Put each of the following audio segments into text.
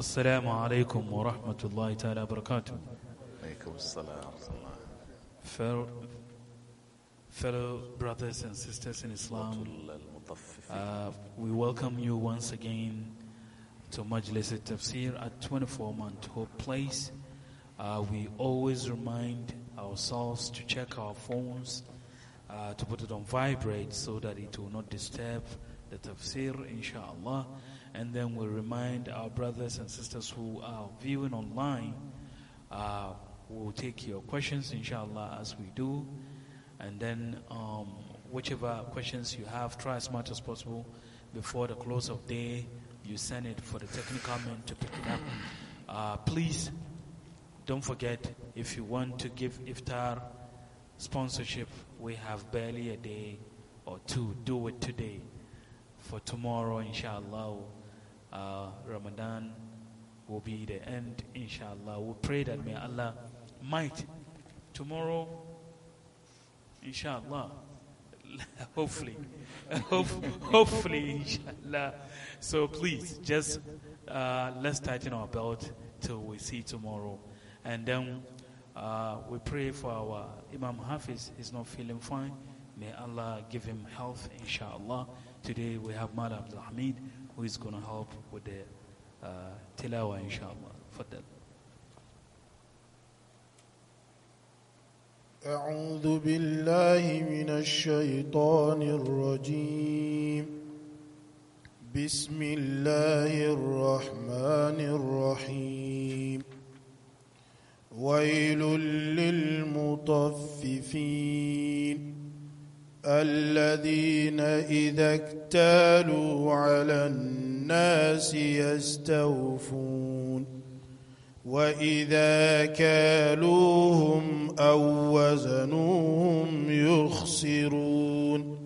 السلام عليكم ورحمة الله تعالى وبركاته عليكم السلام ورحمة الله fellow, fellow brothers and sisters in Islam uh, we welcome you once again to Majlis tafsir at 24 Mantua Place uh, we always remind ourselves to check our phones uh, to put it on vibrate so that it will not disturb the tafsir inshallah and then we'll remind our brothers and sisters who are viewing online. Uh, we'll take your questions, inshallah, as we do. And then, um, whichever questions you have, try as much as possible before the close of day. You send it for the technical men to pick it up. Uh, please don't forget if you want to give iftar sponsorship, we have barely a day or two. Do it today. For tomorrow, inshallah, uh, Ramadan will be the end, inshallah. We pray that may Allah might. Tomorrow, inshallah, hopefully, hopefully, inshallah. So please, just uh, let's tighten our belt till we see tomorrow. And then uh, we pray for our Imam Hafiz. He's not feeling fine. May Allah give him health, inshallah. Today we have Madam Abdul Hamid who is going to help with the uh, tilawa, inshallah. Faddal. أعوذ بالله من الشيطان الرجيم بسم الله الرحمن الرحيم ويل للمطففين الذين إذا اكتالوا على الناس يستوفون وإذا كالوهم أو وزنوهم يخسرون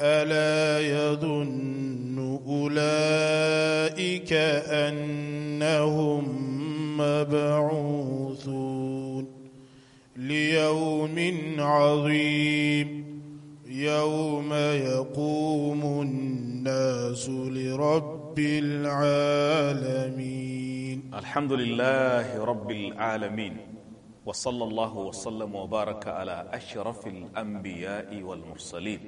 ألا يظن أولئك أنهم مبعوثون ليوم عظيم يوم يقوم الناس لرب العالمين الحمد لله رب العالمين وصلى الله وسلم وبارك على أشرف الأنبياء والمرسلين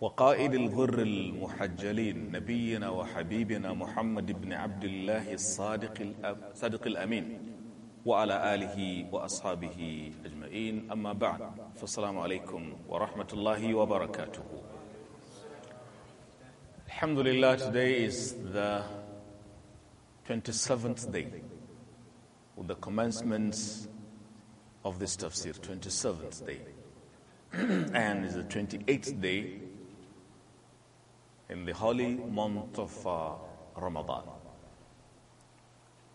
وقائد الغر المحجلين نبينا وحبيبنا محمد بن عبد الله الصادق, الصادق الأمين وعلى آله وأصحابه أجمعين أما بعد فالسلام عليكم ورحمة الله وبركاته Alhamdulillah today is the 27th day with the commencement of this tafsir 27th day and is the 28th day in the holy month of uh, Ramadan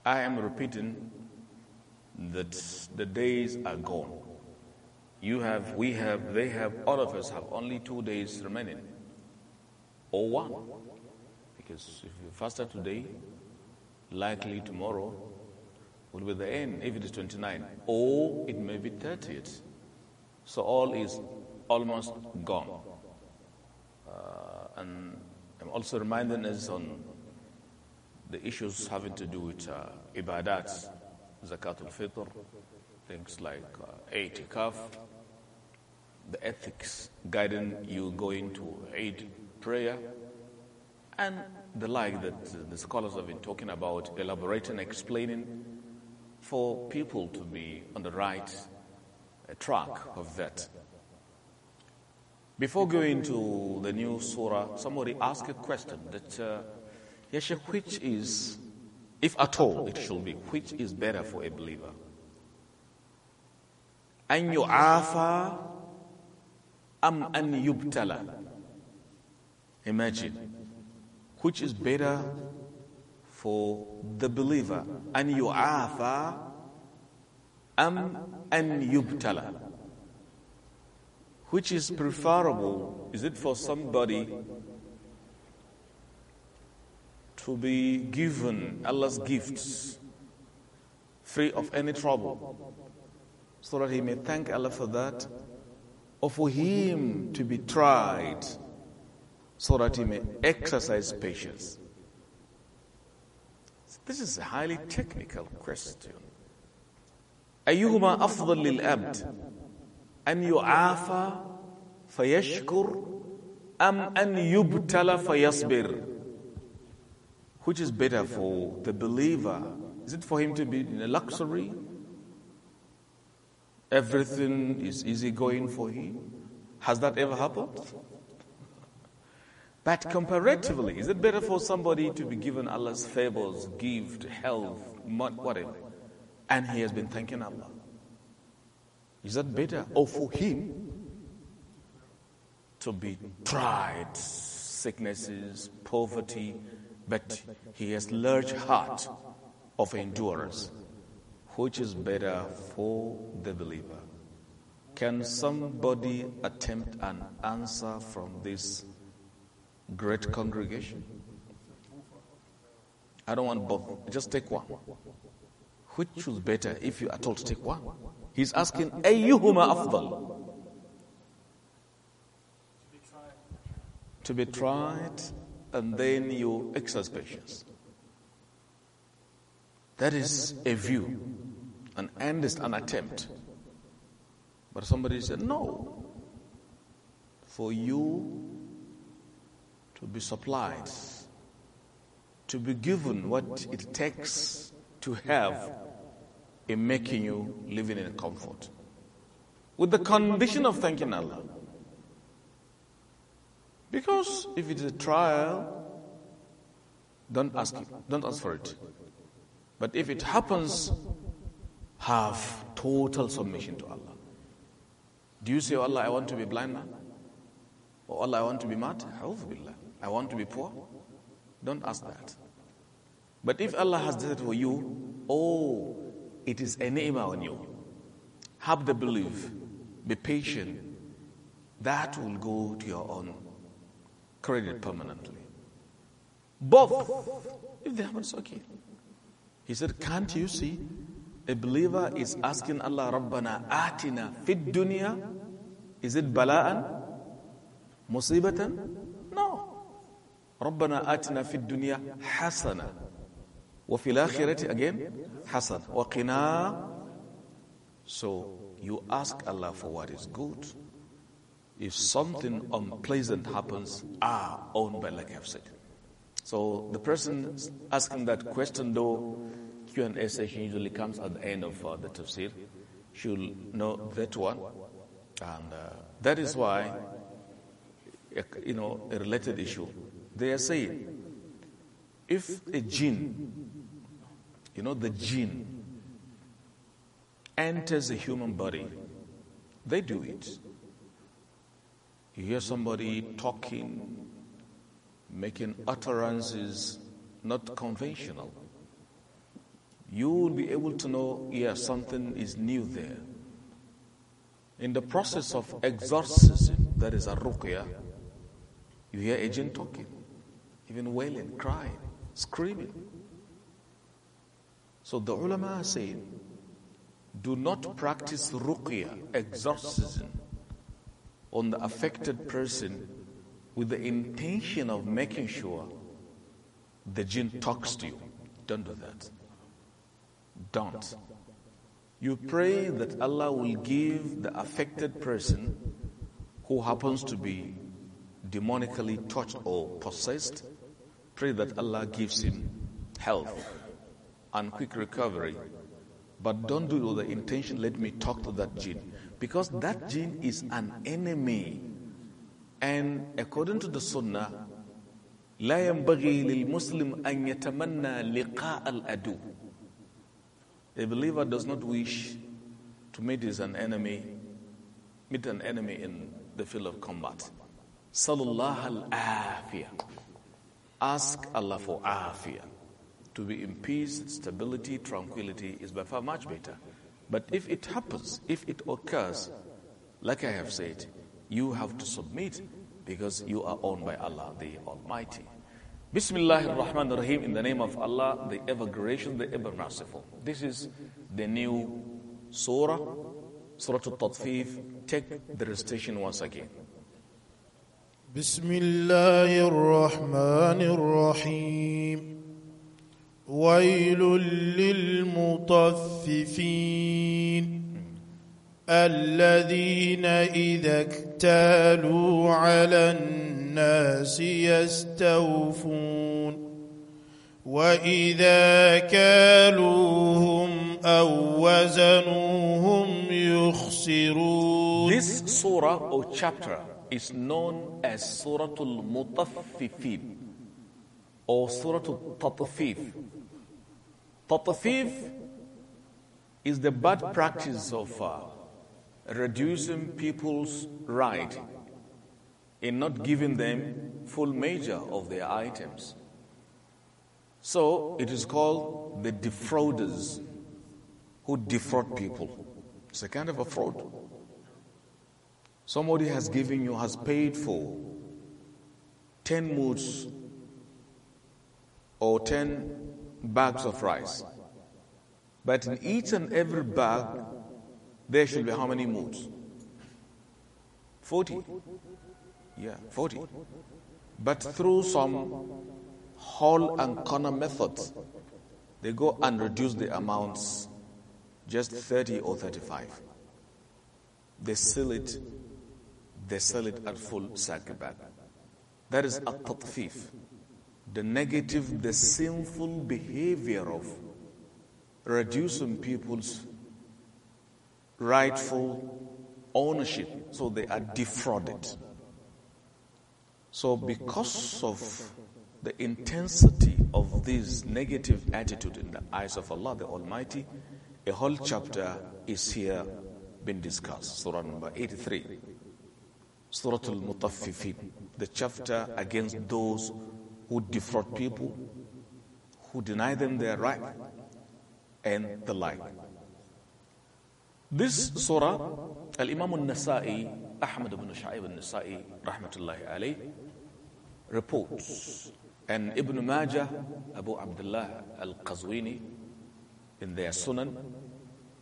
I am repeating that the days are gone. You have, we have, they have, all of us have only two days remaining, or one. Because if you faster today, likely tomorrow will be the end, if it is 29, or it may be 30th. So all is almost gone. Uh, and I'm also reminding us on the issues having to do with uh, ibadat, zakatul fitr, things like uh, the ethics guiding you going to aid prayer, and the like that the scholars have been talking about, elaborating, explaining for people to be on the right uh, track of that. Before going to the new surah, somebody asked a question that, uh, Yeshe, which is if at all it should be, which is better for a believer? An yu'afa am an yubtala. Imagine, which is better for the believer? An yu'afa am an yubtala. Which is preferable? Is it for somebody to be given Allah's gifts free of any trouble so that he may thank Allah for that or for him to be tried so that he may exercise patience. This is a highly technical question. أيهما أفضل للأبد أن يعافى فيشكر أم أن يبتلى فيصبر؟ which is better for the believer? Is it for him to be in a luxury? Everything is easy going for him? Has that ever happened? But comparatively, is it better for somebody to be given Allah's favors, gift, health, whatever, and he has been thanking Allah? Is that better? Or for him to be tried, sicknesses, poverty, but he has large heart of endurance, which is better for the believer. Can somebody attempt an answer from this great congregation? I don't want both. Just take one. Which is better if you are told to take one? He's asking, Ayyuhuma afdal? To be tried and then you exercise patience. That is a view, an end, is an attempt. But somebody said, no. For you to be supplied, to be given what it takes to have in making you living in comfort. With the condition of thanking Allah. Because if it is a trial, don't ask it, don't ask for it. But if it happens, have total submission to Allah. Do you say, oh Allah, I want to be blind man? Or oh Allah, I want to be mad? I want to be poor? Don't ask that. But if Allah has done it for you, oh, it is a ni'mah on you. Have the belief, be patient. That will go to your own Created permanently. Both. If they haven't, it's okay. He said, Can't you see? A believer is asking Allah, Rabbana, atina fit dunya. Is it bala'an? Musibatan? No. Rabbana, a'tina fit dunya, hasana. وفي again hasan. وقنا so you ask Allah for what is good if something unpleasant happens, are ah, owned by like I've said. So the person asking that question, though, Q&A session usually comes at the end of uh, the tafsir. She'll know that one. And uh, that is why, you know, a related issue. They are saying, if a jinn, you know, the jinn enters a human body, they do it. You hear somebody talking, making utterances not conventional. You will be able to know, yeah, something is new there. In the process of exorcism, that is a ruqya, you hear a jinn talking, even wailing, crying, screaming. So the ulama are saying, do not practice ruqya, exorcism, on the affected person with the intention of making sure the jinn talks to you. Don't do that. Don't. You pray that Allah will give the affected person who happens to be demonically touched or possessed, pray that Allah gives him health and quick recovery. But don't do it with the intention, let me talk to that jinn. Because that jinn is an enemy. And according to the Sunnah, لا ينبغي للمسلم أن يتمنى لقاء الأدو. A believer does not wish to meet an enemy, meet an enemy in the field of combat. Sallallahu al-afiyah. Ask Allah for Afia. To be in peace, stability, tranquility is by far much better. But if it happens, if it occurs, like I have said, you have to submit because you are owned by Allah the Almighty. Bismillah ar-Rahman ar-Rahim, in the name of Allah, the ever gracious, the ever merciful. This is the new surah, surah al-Tatfif. Take the recitation once again. Bismillah ar-Rahman ar-Rahim. ويل للمطففين الذين إذا اكتالوا على الناس يستوفون وإذا كالوهم أو وزنوهم يخسرون This surah or chapter is known as Surah Al-Mutaffifin or Surah Al-Tatfif Papa is the bad practice of uh, reducing people's right in not giving them full measure of their items. So it is called the defrauders who defraud people. It's a kind of a fraud. Somebody has given you, has paid for 10 moods or 10 bags of rice. But in each and every bag, there should be how many moods? 40. Yeah, 40. But through some hall and corner methods, they go and reduce the amounts just 30 or 35. They sell it, they sell it at full sack bag. That is a tatfif the negative, the sinful behavior of reducing people's rightful ownership. So they are defrauded. So, because of the intensity of this negative attitude in the eyes of Allah the Almighty, a whole chapter is here being discussed. Surah number 83. Surah Al Mutaffifin, the chapter against those who defraud people, who deny them their right, and the like. This surah, Al Imam al Nasa'i, Ahmad ibn Sha'ib al Nasa'i, Rahmatullahi alayh, reports, and Ibn Majah, Abu Abdullah al Qazwini, in their Sunan,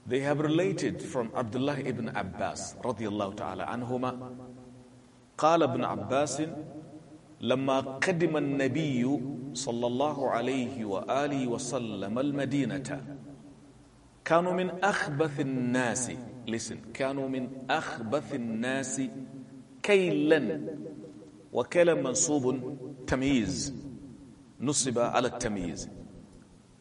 they have related from Abdullah ibn Abbas, radiallahu ta'ala anhuma, قال ابن عباس لما قدم النبي صلى الله عليه وآله وسلم المدينة كانوا من أخبث الناس listen كانوا من أخبث الناس كيلا وكلا منصوب تمييز نصب على التمييز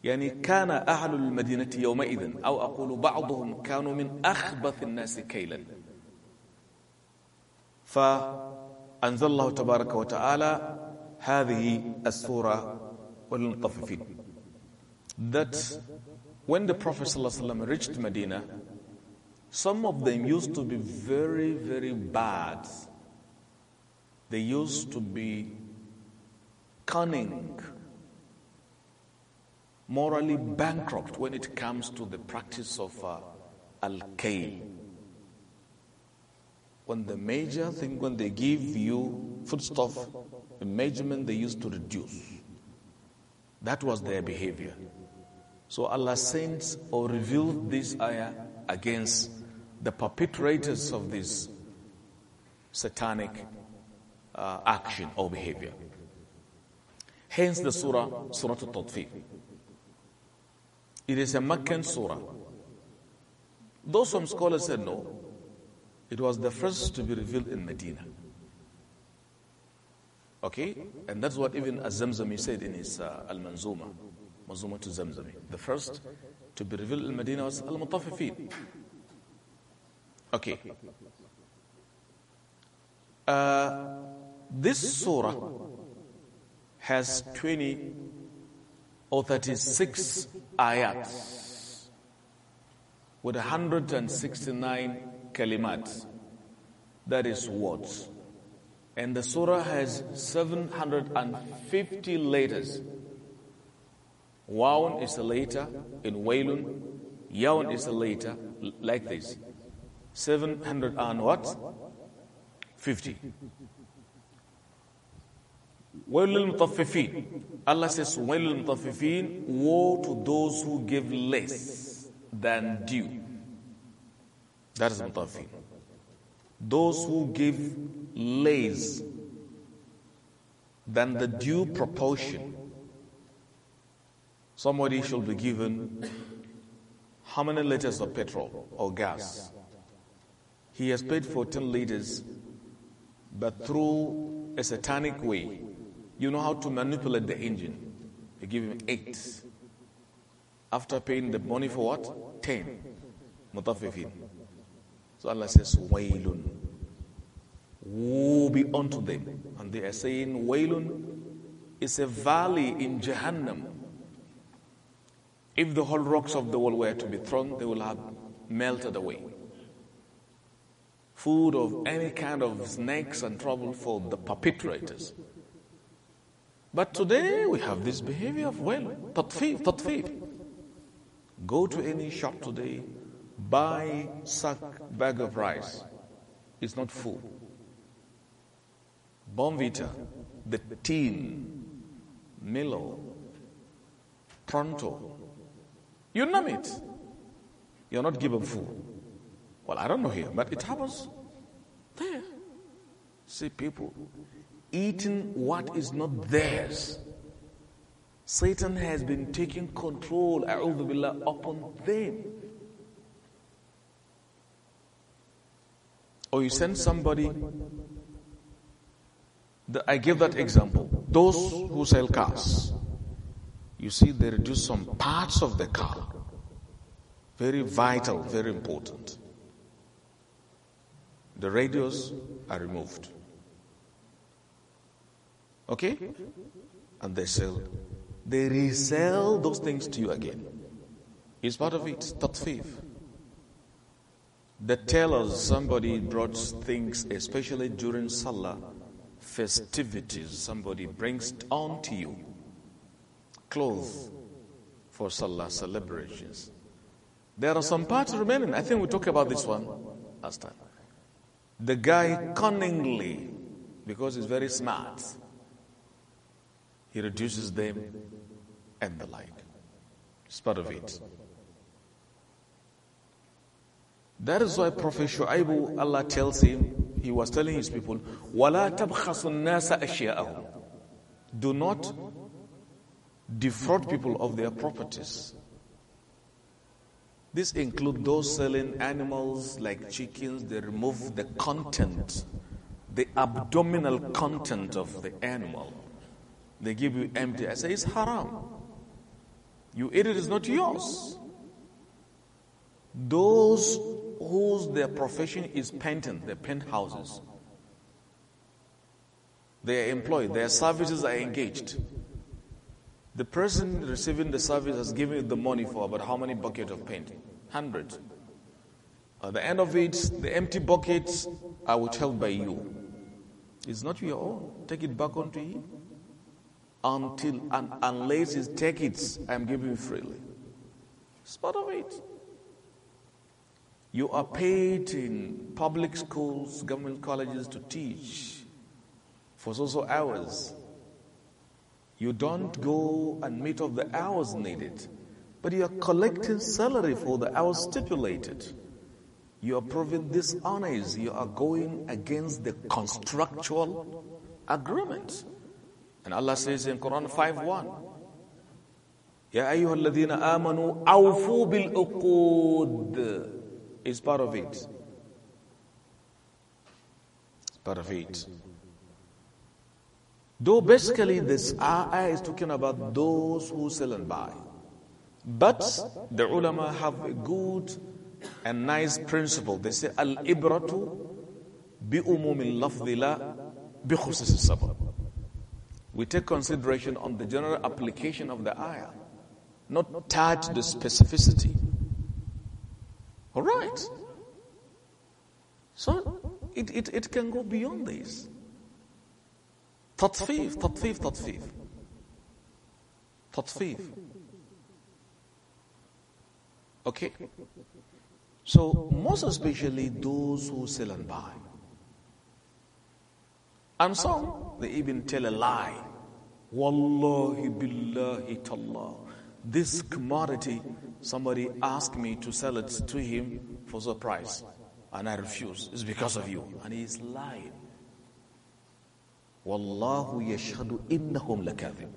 يعني كان أهل المدينة يومئذ أو أقول بعضهم كانوا من أخبث الناس كيلا ف أنزل الله تبارك وتعالى هذه السورة that when the Prophet ﷺ reached Medina, some of them used to be very, very bad. They used to be cunning, morally bankrupt when it comes to the practice of uh, al kain when the major thing, when they give you foodstuff, the measurement they used to reduce. That was their behavior. So Allah sent or revealed this ayah against the perpetrators of this satanic uh, action or behavior. Hence the surah, Surah Al-Tatfiq. It is a Meccan surah. Though some scholars said no, it was the first to be revealed in Medina. Okay? And that's what even Azamzami zamzami said in his uh, Al-Manzuma, Manzuma to Zamzami. The first to be revealed in Medina was Al-Mutafifin. Okay. Uh, this surah has 20 or 36 ayats with 169 kalimat. That is words. And the surah has 750 letters. Waun is a letter in Wailun. Yaun is a letter like this. 700 and what? 50. Wailul mutaffifin. Allah says, Wailul mutaffifin, woe to those who give less than due. That is mutafifin. Those who give less than the due proportion. Somebody should be given how many liters of petrol or gas? He has paid for 10 liters, but through a satanic way, you know how to manipulate the engine. You give him 8. After paying the money for what? 10. Mutafifin. So Allah says, Wailun. Woe be unto them. And they are saying, Wailun is a valley in Jahannam. If the whole rocks of the world were to be thrown, they will have melted away. Food of any kind of snakes and trouble for the perpetrators. But today we have this behavior of well, tatfif, tatfif. Go to any shop today, buy sack bag of rice. It's not full. Bonvita, the tin, Milo, Pronto, you name it. You're not given food. Well, I don't know here, but it happens there. See people eating what is not theirs. Satan has been taking control, upon them. or you send somebody. The, I give that example. Those who sell cars, you see, they reduce some parts of the car. Very vital, very important. The radios are removed. Okay? And they sell. They resell those things to you again. It's part of it. Tatfif. They tell us somebody brought things, especially during Salah festivities, somebody brings on to you clothes for Salah celebrations. There are some parts remaining. I think we talked talk about this one last time. The guy cunningly, because he's very smart, he reduces them and the like. It's part of it. That is why Prophet Shu'aib, Allah tells him, he was telling his people, وَلَا النَّاسَ Do not defraud people of their properties. This includes those selling animals like chickens. They remove the content, the abdominal content of the animal. They give you empty. I say it's haram. You eat it, it's not yours. Those whose their profession is painting, they paint houses. They are employed, their services are engaged. The person receiving the service has given the money for about how many buckets of paint? Hundred. At the end of it, the empty buckets are withheld by you. It's not your own. Take it back onto him. Until and unless he takes it, I am giving freely. It's part of it. You are paid in public schools, government colleges to teach for so so hours. You don't go and meet up the hours needed, but you are collecting salary for the hours stipulated. You are proving dishonest. You are going against the contractual agreement. And Allah says in Quran 5:1. يا أيها الذين آمنوا أوفوا بالعقود is part of it. Part of it. Though basically this ayah is talking about those who sell and buy. But the ulama have a good and nice principle. They say, Al-ibratu bi'umumil lafdila bi sabab. We take consideration on the general application of the ayah, not touch the specificity. All right. So it, it, it can go beyond this. Tatfif, tatfif, tatfif. Tatfif. Okay? So, most especially those who sell and buy. And some, they even tell a lie. Wallahi billahi tallah. This commodity Somebody asked me to sell it to him for the price, and I refused. It's because of you. And he's lying. Wallahu yashadu innahum lakathib.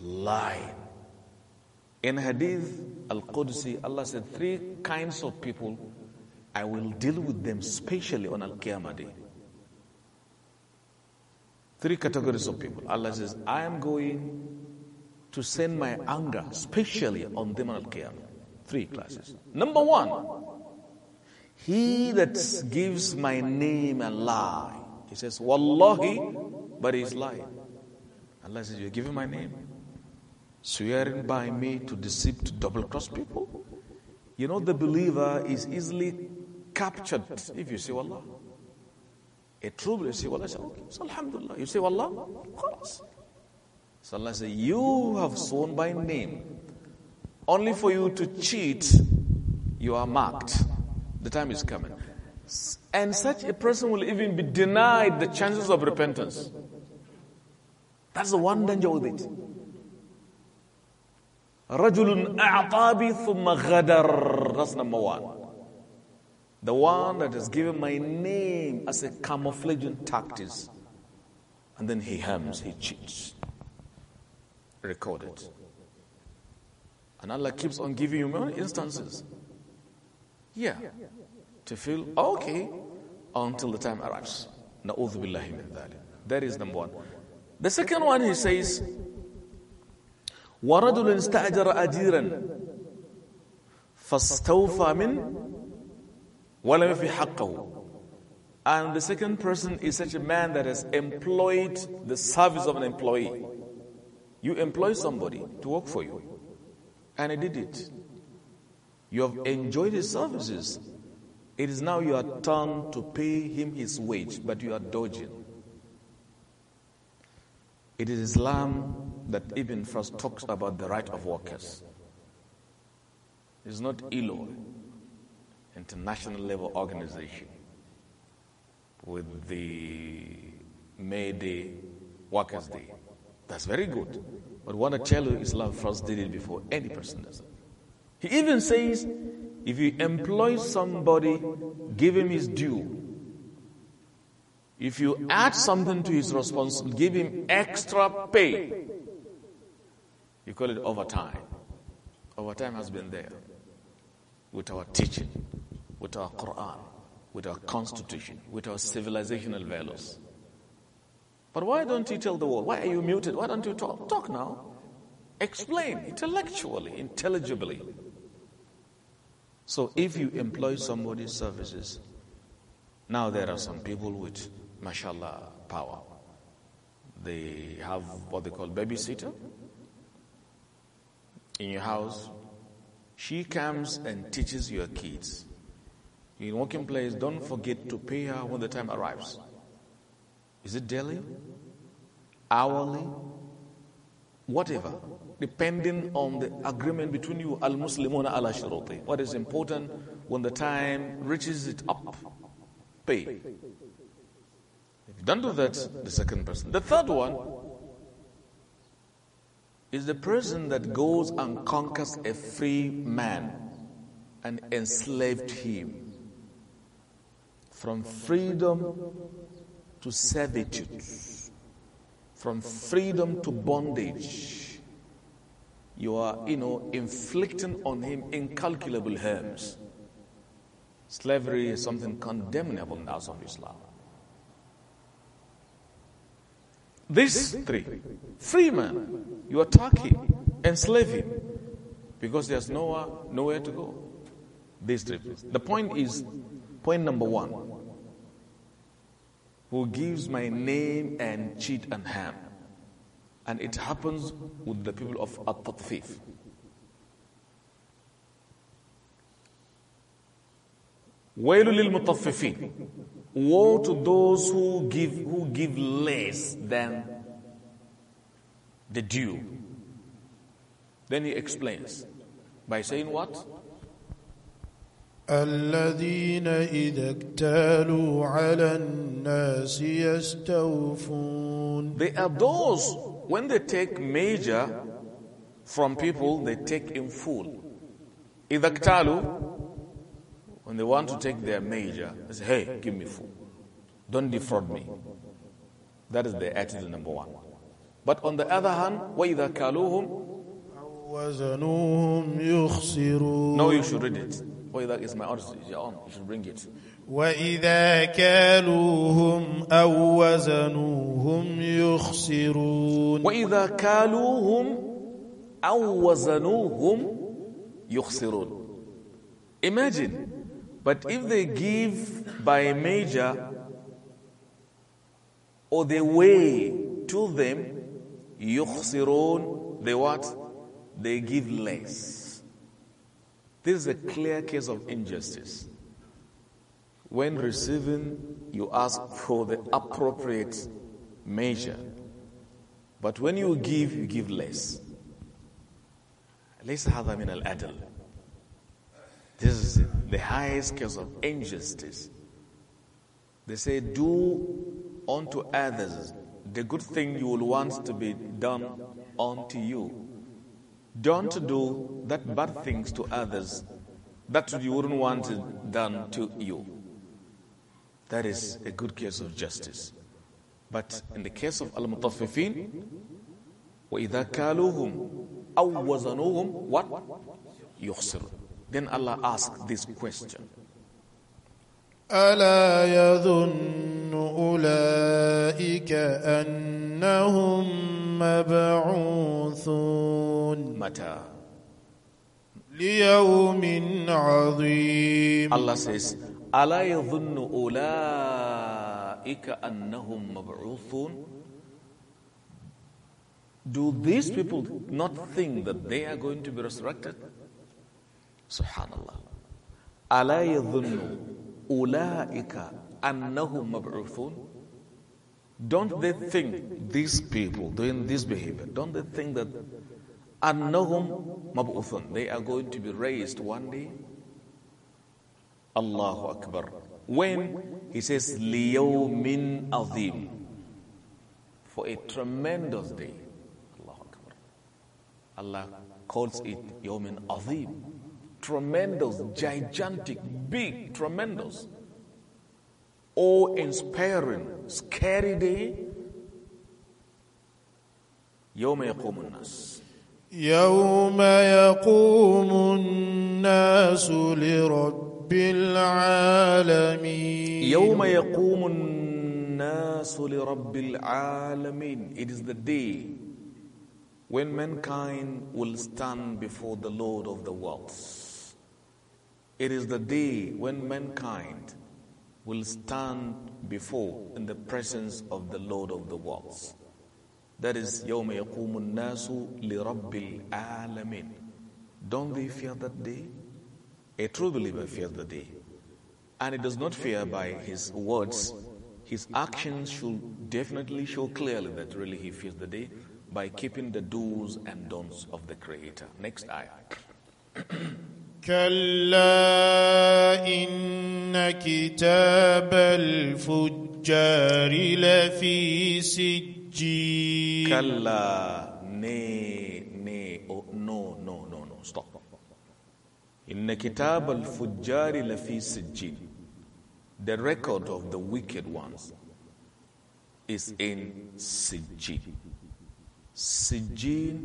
Lie In Hadith Al-Qudsi, Allah said, three kinds of people, I will deal with them specially on Al-Qiyamah Day. Three categories of people. Allah says, I am going to send my anger, specially on them al Three classes. Number one, he that gives my name a lie. He says, Wallahi, but he's lying. Allah says, You're giving my name, swearing by me to deceive, to double cross people. You know, the believer is easily captured if you say Wallah. A true believer, you say Wallah, okay, so Alhamdulillah. You say Wallah, of course. So Allah says, You have sworn by name. Only for you to cheat, you are marked. The time is coming. And such a person will even be denied the chances of repentance. That's the one danger with it. رجل أعطابي ثم غدر That's number one. The one that has given my name as a camouflaging tactic. And then he hams, he cheats recorded. And Allah keeps on giving you many instances. Yeah. To feel okay until the time arrives. Na'udhu billahi min That is number one. The second one he says, وَرَجُلٌ اسْتَأْجَرَ أَجِيرًا فَاسْتَوْفَى مِنْ وَلَمْ يَفِي حَقَّهُ And the second person is such a man that has employed the service of an employee. You employ somebody to work for you, and he did it. You have enjoyed his services. It is now your turn to pay him his wage, but you are dodging. It is Islam that Ibn first talks about the right of workers. It's not ILO, international level organization, with the May Day, Workers' Day. That's very good. But what I tell is Islam first did it before any person does it. He even says, if you employ somebody, give him his due. If you add something to his responsibility, give him extra pay. You call it overtime. Overtime has been there with our teaching, with our Quran, with our constitution, with our civilizational values. But why don't you tell the world? Why are you muted? Why don't you talk? Talk now. Explain intellectually, intelligibly. So if you employ somebody's services, now there are some people with, mashallah, power. They have what they call babysitter in your house. She comes and teaches your kids. In working place, don't forget to pay her when the time arrives. Is it daily? Hourly? Whatever. Depending on the agreement between you, al Muslimuna ala shuruti. What is important when the time reaches it up? Pay. If you don't do that, the second person. The third one is the person that goes and conquers a free man and enslaved him. From freedom to servitude, from freedom to bondage. You are, you know, inflicting on him incalculable harms. Slavery is something condemnable in the house of Islam. These three, free man, you attack him, enslave him, because there's nowhere, nowhere to go. These three. The point is, point number one, who gives my name and cheat and ham, And it happens with the people of At-Tatfif. Wailu lil mutaffifin. Woe to those who give, who give less than the due. Then he explains by saying what? الذين إذا اكتالوا على الناس يستوفون They are those when they take major from people they take in full إذا اكتالوا when they want to take their major, they say hey give me full don't defraud me that is the attitude number one but on the other hand وإذا كالوهم وزنوهم يخسرون No you should read it وإذا is my horse on you should bring it وإذا كالوهم أو وزنوهم يخسرون وإذا كالوهم أو وزنوهم يخسرون Imagine but if they give by measure or they weigh to them يخسرون they what? They give less This is a clear case of injustice. When receiving, you ask for the appropriate measure. But when you give, you give less. them in an adult. This is the highest case of injustice. They say, Do unto others the good thing you will want to be done unto you. Don't do that bad things to others that you wouldn't want it done to you. That is a good case of justice. But in the case of Al Mutaffifin, وَإِذَا كَالُوهُمْ أَوْ وَزَنُوهُمْ What? يُخْسِرُ. Then Allah asked this question. ألا يظن أولئك أنهم مبعوثون متى ليوم عظيم الله says ألا يظن أولئك أنهم مبعوثون Do these people not think that they are going to be resurrected? Subhanallah. ألا يظنون Ulaika أنهم مبعوثون Don't they think these people doing this behavior, don't they think that أنهم مبعوثون They are going to be raised one day? Allahu Akbar. When he says لِيَوْمٍ عَظِيمٍ For a tremendous day. Allah calls it يَوْمٍ عَظِيمٍ tremendous, gigantic, big, tremendous, awe inspiring, scary day. يوم يقوم الناس يوم يقوم الناس لرب العالمين يوم يقوم الناس لرب العالمين It is the day when mankind will stand before the Lord of the worlds. It is the day when mankind will stand before in the presence of the Lord of the worlds. That is يوم يقوم الناس لرب العالمين. Don't they fear that day? A true believer fears the day. And he does not fear by his words. His actions should definitely show clearly that really he fears the day by keeping the do's and don'ts of the Creator. Next ayah. كلا إن كتاب الفجار لفي سجين كلا ني ني أو نو نو نو نو stop إن كتاب الفجار لفي سجين The record of the wicked ones is in Sijin. Sijin,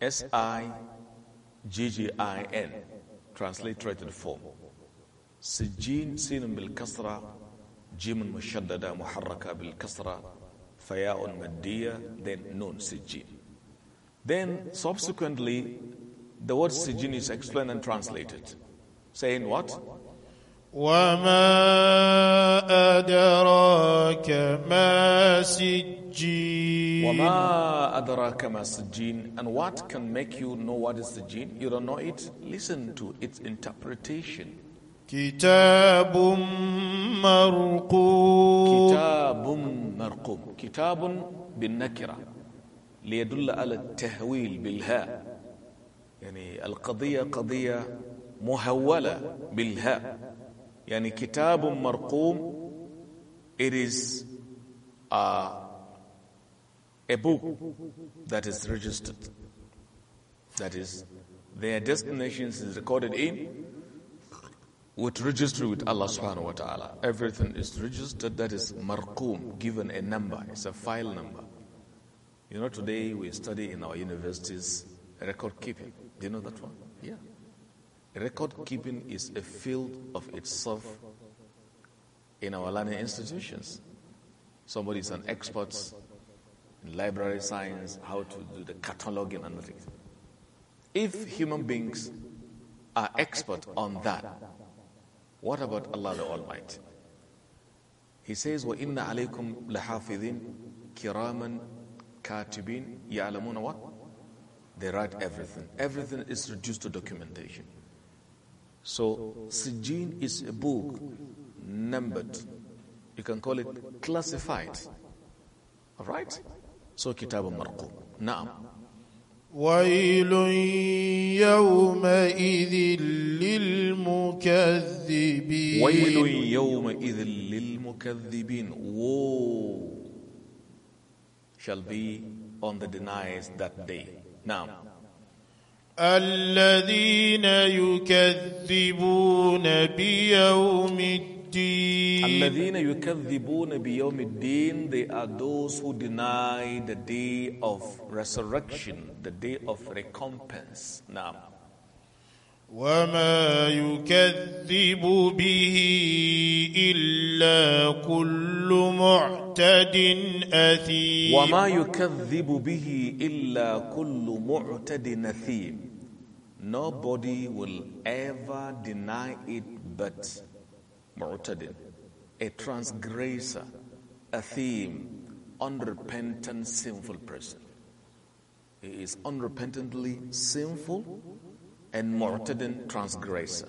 S-I-J-I-N. G-G-I-N, transliterated form. سجين سين بالكسرة جيم مشددة محركة بالكسرة فياء مدية then نون سجين. Then subsequently the word sijin is explained and translated saying what? وما أدراك ما سجين السجين وما أدراك ما السجين And what can make you know what is sijjin? You don't know it? Listen to its interpretation. كتاب مرقوم كتاب مرقوم كتاب بالنكرة ليدل على التهويل بالهاء يعني القضية قضية مهولة بالهاء يعني كتاب مرقوم it is uh, a book that is registered. That is, their destinations is recorded in with registry with Allah subhanahu wa ta'ala. Everything is registered, that is marqum, given a number, it's a file number. You know, today we study in our universities record keeping. Do you know that one? Yeah. Record keeping is a field of itself in our learning institutions. Somebody is an expert library science, how to do the cataloging and everything. If human beings are expert on that, what about Allah the Almighty? He says, وَإِنَّ عَلَيْكُمْ لَحَافِظِينَ كِرَامًا كَاتِبِينَ يَعْلَمُونَ what? They write everything. Everything is reduced to documentation. So, Sijin is a book numbered. You can call it classified. All right? سو كتاب مرقوم نعم ويل يومئذ للمكذبين ويل يومئذ للمكذبين Woe shall be on the deniers that day. نعم الذين يكذبون بيوم الدين الذين يكذبون بيوم الدين they are those who deny the day of resurrection the day of recompense نعم وما يكذب به إلا كل معتد أثيم وما يكذب به إلا كل معتد أثيم Nobody will ever deny it but mu'tadin, a transgressor, a thief, unrepentant, sinful person. He is unrepentantly sinful and mu'tadin transgressor.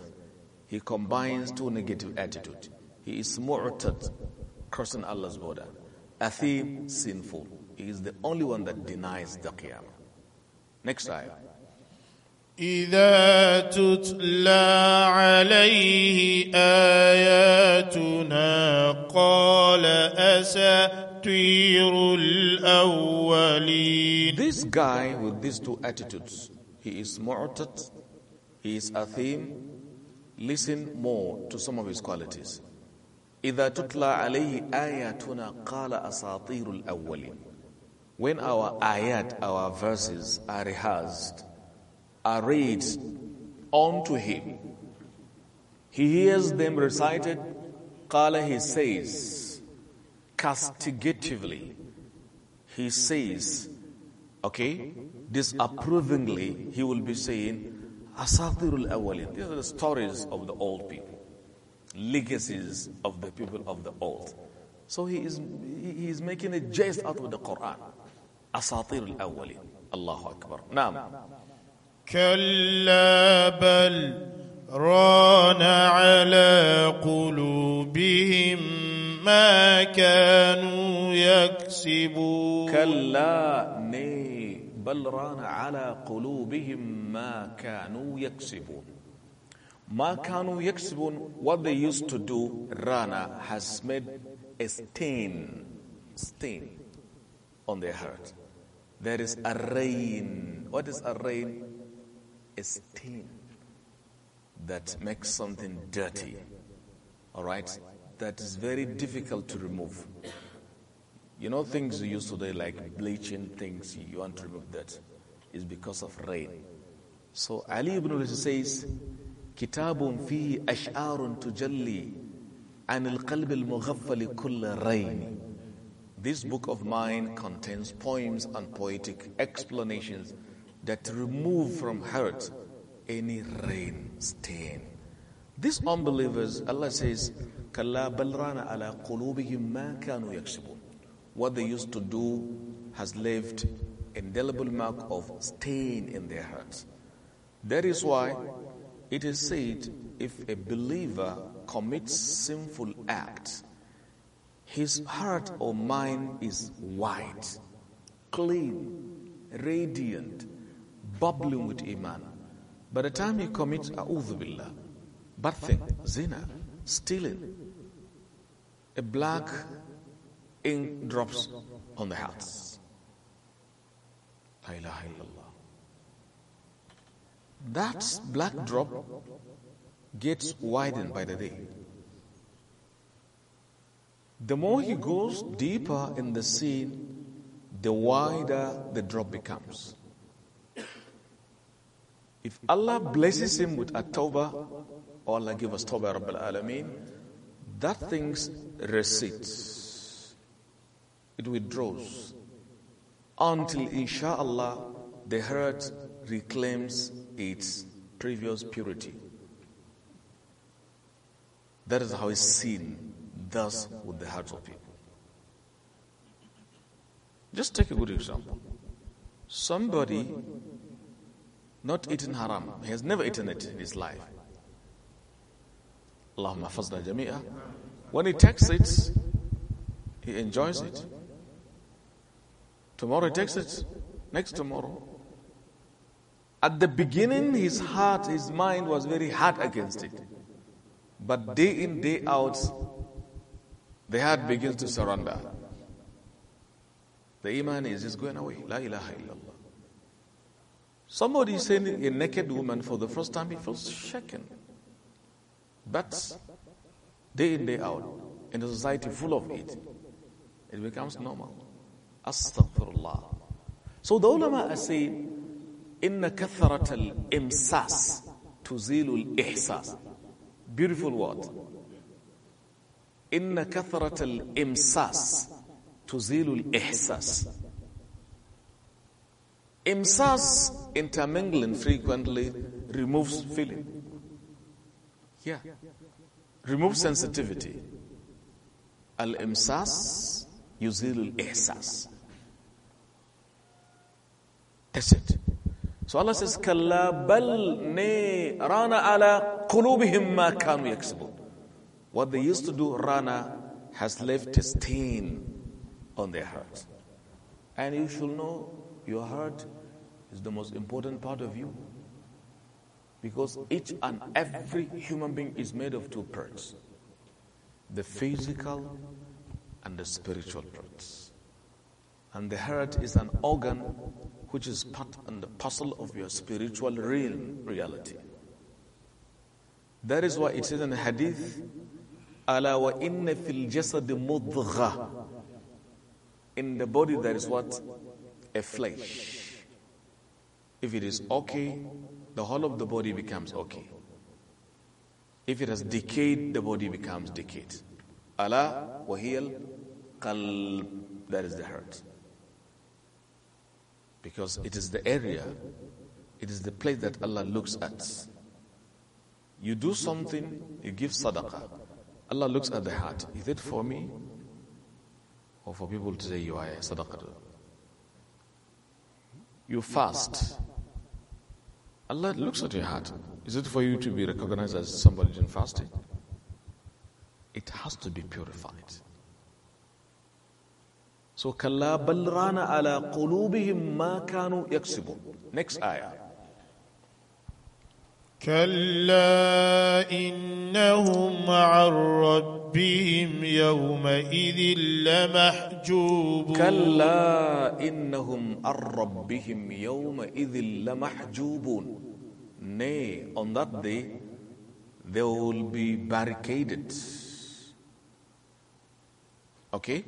He combines two negative attitudes. He is mu'tad, crossing Allah's border. A thief, sinful. He is the only one that denies the Qiyamah. Next slide. إذا تتلى عليه آياتنا قال أساطير الأولين This guy with these two attitudes, he is mu'tad, he is athim, listen more to some of his qualities. إذا تتلى عليه آياتنا قال أساطير الأولين When our ayat, our verses are rehearsed, are uh, read unto him. He hears them recited, Kala he says, castigatively, he says, okay, disapprovingly, he will be saying, Asatirul Awali. These are the stories of the old people, legacies of the people of the old. So he is, he is making a jest out of the Quran. Asatirul Awali. Allahu Akbar. Now, كلا بل ران على قلوبهم ما كانوا يكسبون كلا ني بل ران على قلوبهم ما كانوا يكسبون ما كانوا يكسبون what they used to do rana has made a stain stain on their heart there is a rain what is a rain a stain that makes something dirty, all right, that is very difficult to remove. You know, things you use today like bleaching things, you want to remove that, is because of rain. So Ali ibn al says, كتاب فيه أشعار تجلي qalb al المغفل كل rain. This book of mine contains poems and poetic explanations that remove from heart any rain stain. These unbelievers, Allah says, What they used to do has left indelible mark of stain in their hearts. That is why it is said if a believer commits sinful act, his heart or mind is white, clean, radiant, bubbling with Iman. By the time he commits A'udhu Billah, birthing, zina, stealing, a black ink drops on the hearts. La ilaha illallah. That black drop gets widened by the day. The more he goes deeper in the sin, the wider the drop becomes. If Allah blesses him with a tawbah, or Allah give us tawbah, Rabbil Alameen, that thing's recedes. It withdraws until, inshallah, the heart reclaims its previous purity. That is how it's seen, thus with the hearts of people. Just take a good example. Somebody not eaten haram. He has never eaten it in his life. Allahumma fazna jami'a. When he takes it, he enjoys it. Tomorrow he takes it. Next tomorrow. At the beginning, his heart, his mind was very hard against it. But day in, day out, the heart begins to surrender. The iman is just going away. La ilaha illallah. Somebody seeing a naked woman for the first time, he feels shaken. But day in, day out, in a society full of it, it becomes normal. Astaghfirullah. So the ulama are saying, إن كثرة الإمساس tuzilul الإحساس. Beautiful word. إن كثرة الإمساس tuzilul الإحساس. Imsas intermingling frequently removes feeling. Yeah. removes sensitivity. Al imsas yuzil ihsas. That's it. So Allah says, Kalla bal ne rana ala qulubihim ma kanu What they used to do, rana has left a stain on their hearts. And you should know your heart is the most important part of you. Because each and every human being is made of two parts the physical and the spiritual parts. And the heart is an organ which is part and the puzzle of your spiritual real reality. That is why it says in the hadith, Ala wa inna fil jasad mudgha. In the body there is what? a flesh. If it is okay, the whole of the body becomes okay. If it has decayed, the body becomes decayed. Allah will qalb. That is the heart. Because it is the area, it is the place that Allah looks at. You do something, you give sadaqah. Allah looks at the heart. Is it for me? Or for people to say you are a sadaqah? you fast. Allah looks at your heart. Is it for you to be recognized as somebody in fasting? It has to be purified. So, كَلَّا بَلْرَأَنَّ رَانَ عَلَىٰ قُلُوبِهِمْ مَا كَانُوا يَكْسِبُونَ Next ayah. كلا إنهم عن ربهم يومئذ لمحجوبون كلا إنهم عن ربهم يومئذ لمحجوبون Nay, on that day, they will be barricaded. Okay?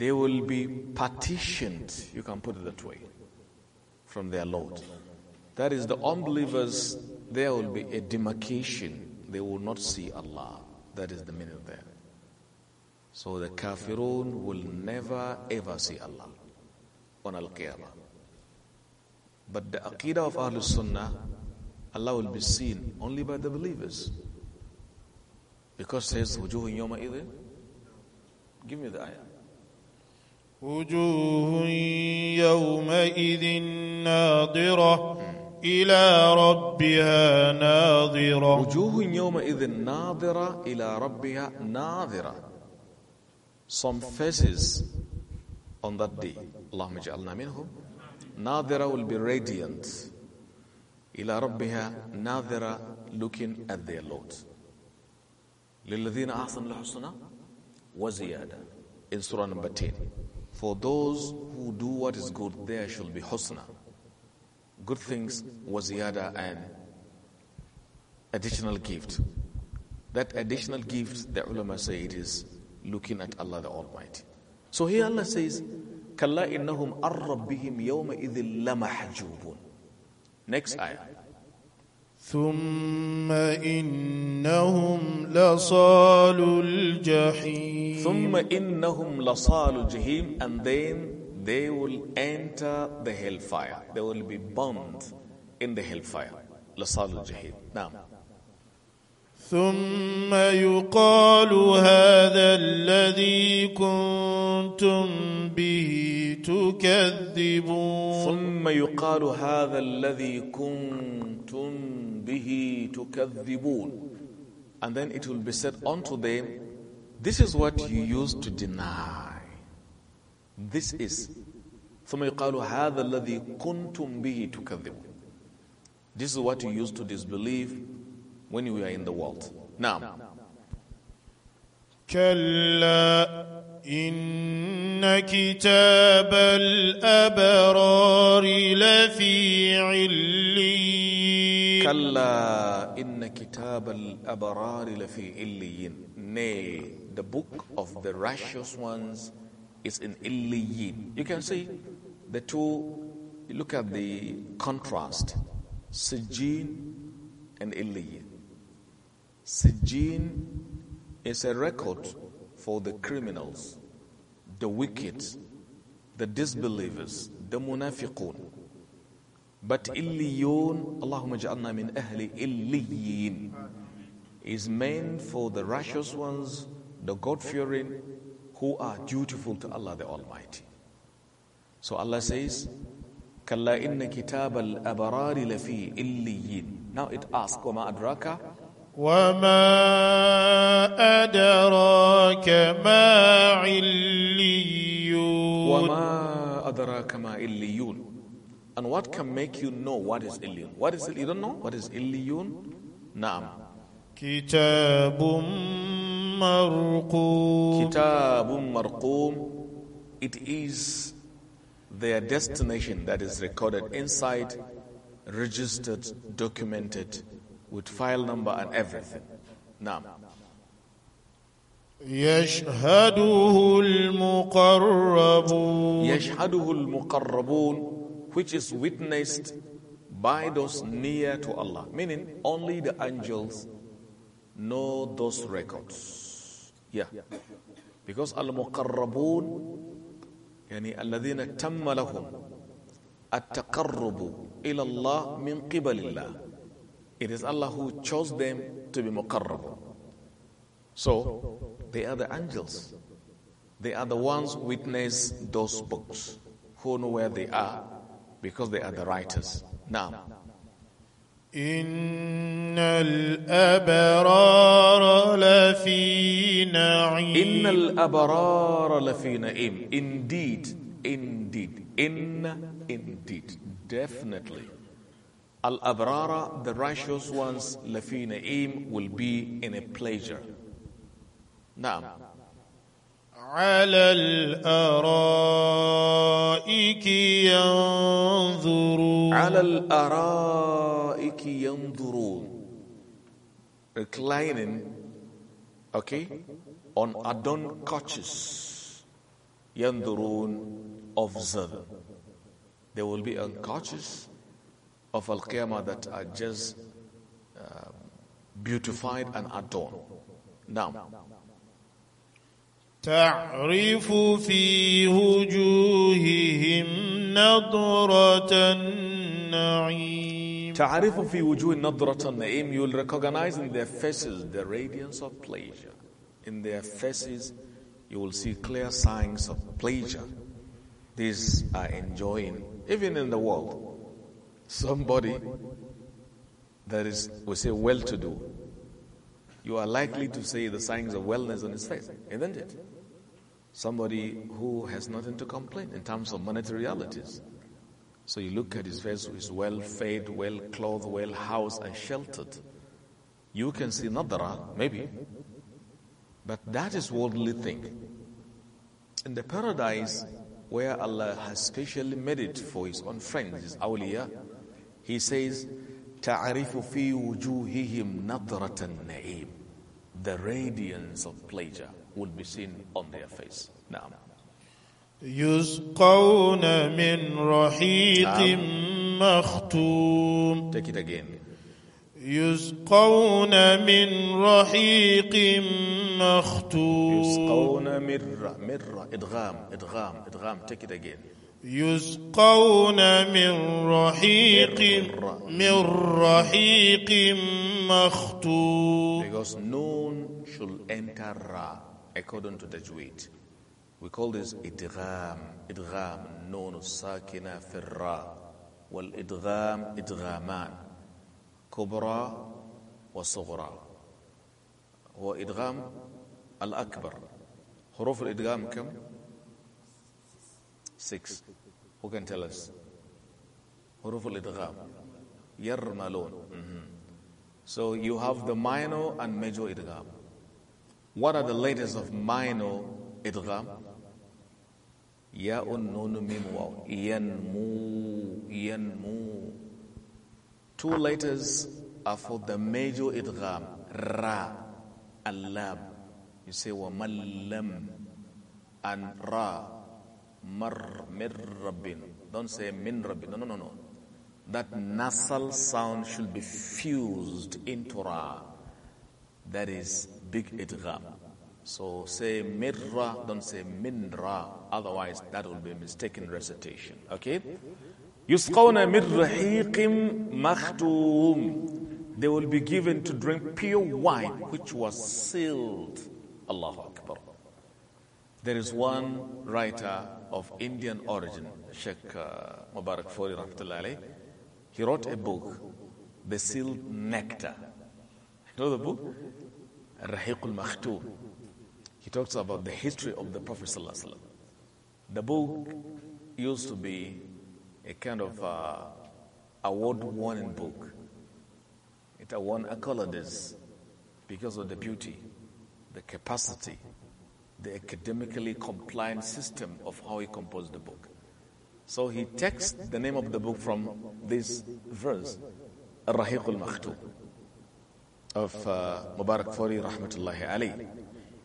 They will be partitioned, you can put it that way, from their Lord. That is, the unbelievers, there will be a demarcation. They will not see Allah. That is the meaning of that. So the kafirun will never ever see Allah on Al Qiyamah. But the aqidah of Ahlul Sunnah, Allah will be seen only by the believers. Because it says, Wujuhun Yoma Idin. Give me the ayah. وجوه يومئذ ناضرة إلى ربها ناظرة وجوه يومئذ ناظرة إلى ربها ناظرة Some faces on that day اللهم اجعلنا منهم ناظرة will be radiant إلى ربها ناظرة looking at their Lord للذين أحسن الحسنى وزيادة in surah number 10 for those who do what is good there shall be husna good things was other and um, additional gift. That additional gift, the ulama say it is looking at Allah the Almighty. So here Allah says, كَلَّا ar أَرَّبِّهِمْ يَوْمَ إِذٍ لَمَحْجُوبٌ Next ayah. ثم إنهم لصال الجحيم ثم إنهم لصال الجحيم and then they will enter the hellfire. They will be burned in the hellfire. لصال الجحيم نعم ثم يقال هذا الذي كنتم به تكذبون ثم يقال هذا الذي كنتم به تكذبون and then it will be said unto them this is what you used to deny this is. ثم يقال هذا الذي كنتم به تكذبون. This is what you used to disbelieve when you were in the world. Now. كلا إن كتاب الأبرار لفي عليين كلا إن كتاب الأبرار لفي عليين Nay, the book of the righteous ones is in Illiyin. You can see the two, look at the contrast Sijin and Illiyin. Sijin is a record for the criminals, the wicked, the disbelievers, the munafiqun. But illiyun, Allahumma ja'alna min ahli illiyin, is meant for the righteous ones, the God-fearing, who are dutiful to Allah the Almighty. So Allah says, كَلَّا إِنَّ كِتَابَ الْأَبَرَارِ لَفِي إِلِّيِّينَ Now it asks, وَمَا أَدْرَاكَ وَمَا أَدْرَاكَ مَا عِلِّيُّونَ وَمَا أَدْرَاكَ مَا إِلِّيُّونَ And what can make you know what is Illiyun? What is Illiyun? You don't know? What is Illiyun? Naam. كتاب مرقوم كتاب مرقوم It is their destination that is recorded inside, registered, documented, with file number and everything. Now. يشهده المقربون يشهده المقربون which is witnessed by those near to Allah meaning only the angels know those records. Yeah. Because al-muqarrabun يعني الذين تم لهم التقرب إلى الله من قبل الله. It is Allah who chose them to be muqarrab. So, they are the angels. They are the ones who witness those books, who know where they are, because they are the writers. Now, إن الأبرار لفي نعيم إن الأبرار لفي نعيم Indeed, indeed, indeed, definitely. Al-Abrara, the righteous ones, لفي نعيم will be in a pleasure. Now, على الارائك ينظرون على الارائك ينظرون reclining okay on adorned couches ينظرون observe there will be a couches of al-qiyamah that are just uh, beautified and adorned now تعرف في وجوههم نظرة النعيم تعرف في وجوه نضرة النعيم You will recognize in their faces the radiance of pleasure In their faces you will see clear signs of pleasure These are enjoying even in the world Somebody that is we say well to do you are likely to see the signs of wellness on his face, isn't it? somebody who has nothing to complain in terms of monetary realities. So you look at his face, he's well fed, well clothed, well housed and sheltered. You can see nadra, maybe. But that is worldly thing. In the paradise where Allah has specially made it for his own friends, his awliya, he says, تعرف في وجوههم نظرة النعيم the radiance of pleasure will be seen on their face. Now. Um, take it again. يسقون من رحيق مختوم يسقون مرة مرة إدغام إدغام إدغام take it again يسقون من رحيق مرة من because noon should enter ra according to Tajweed. We call this idgham, idgham, nun sakina firra, wal idgham, idghaman, kubra wa sughra. هو إدغام الأكبر حروف الإدغام كم؟ 6 Who can tell us? حروف الإدغام يرملون mm -hmm. So you have the minor and major idgham what are the letters of minor idgham? Ya nun mim waw. Yanmu, yanmu. Two letters are for the major idgham. Ra, alab. You say wa mallam and ra. Mar, mir rabbin. Don't say min rabbin. No, no, no, no. That nasal sound should be fused into ra. That is big idgham. So say mirra, don't say minra. Otherwise, that will be mistaken recitation. Okay? Yusqawna min rahiqim makhtum. They will be given to drink pure wine which was sealed. Allahu Akbar. There is one writer of Indian origin, Sheikh uh, Mubarak Fori Rahmatullahi. He wrote a book, The Sealed Nectar know the book? Rahiqul Makhtum. He talks about the history of the Prophet The book used to be a kind of uh, award-winning book. It won accolades because of the beauty, the capacity, the academically compliant system of how he composed the book. So he takes the name of the book from this verse, Ar-Rahiq of uh, Mubarak Fori rahmatullahi alayhi.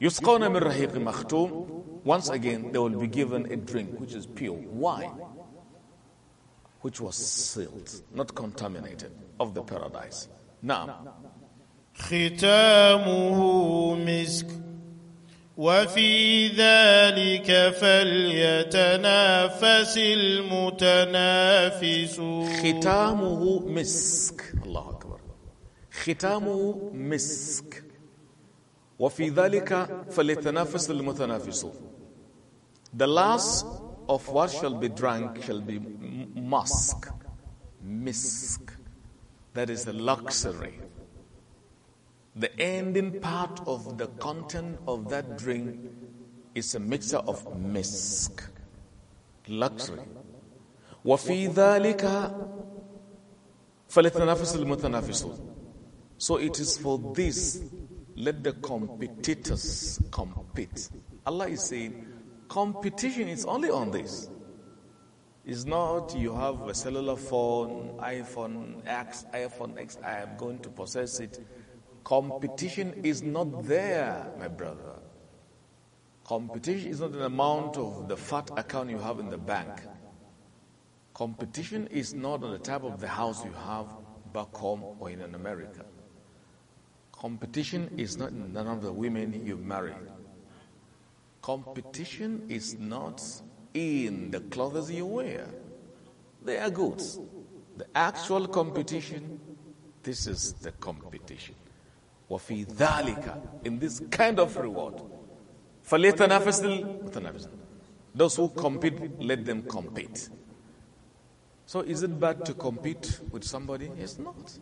Yusqawna min rahiq makhtum. Once again, they will be given a drink which is pure wine, which was sealed, not contaminated, of the paradise. Now, ختامه مسك وفي ذلك فليتنافس المتنافسون ختامه مسك ختامه مسك وفي ذلك فليتنافس المتنافسون The last of what shall be drunk shall be musk, misk. That is a luxury. The ending part of the content of that drink is a mixture of misk, luxury. وفي ذلك فليتنافس المتنافسون so it is for this let the competitors compete. Allah is saying competition is only on this. It's not you have a cellular phone, iPhone X, iPhone X, I am going to possess it. Competition is not there, my brother. Competition is not an amount of the fat account you have in the bank. Competition is not on the type of the house you have back home or in America. Competition is not none of the women you marry. Competition is not in the clothes you wear. They are goods. The actual competition, this is the competition. وفي ذلك, in this kind of reward, Those who compete, let them compete. So is it bad to compete with somebody? It's not.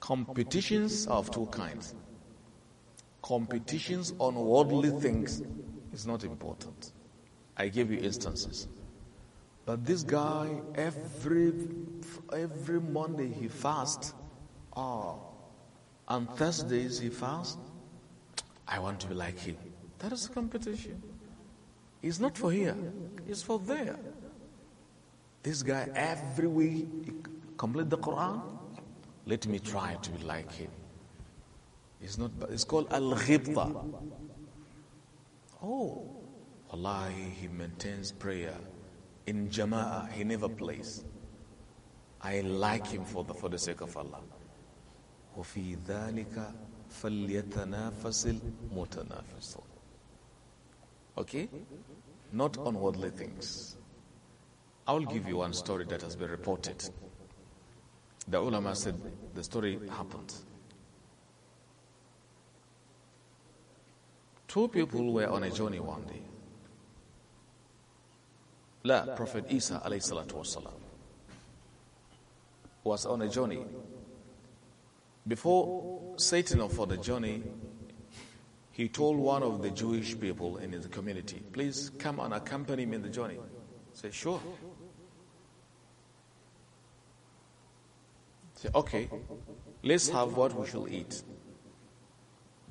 Competitions are of two kinds. Competitions on worldly things is not important. I gave you instances. But this guy, every, every Monday he fasts. Oh, on Thursdays he fasts. I want to be like him. That is a competition. It's not for here, it's for there. This guy, every week, he completes the Quran. Let me try to be like him. It's not. It's called al ghibta. Oh, Allah, he maintains prayer in jama'ah. He never plays. I like him for the for the sake of Allah. وفي ذلك فليتنافس المتنافسون. Okay, not on worldly things. I will give you one story that has been reported. The ulama said the story happened. Two people were on a journey one day. La, Prophet Isa والسلام, was on a journey. Before setting off for the journey, he told one of the Jewish people in his community, Please come and accompany me in the journey. Say, Sure. Say, okay, let's have what we shall eat.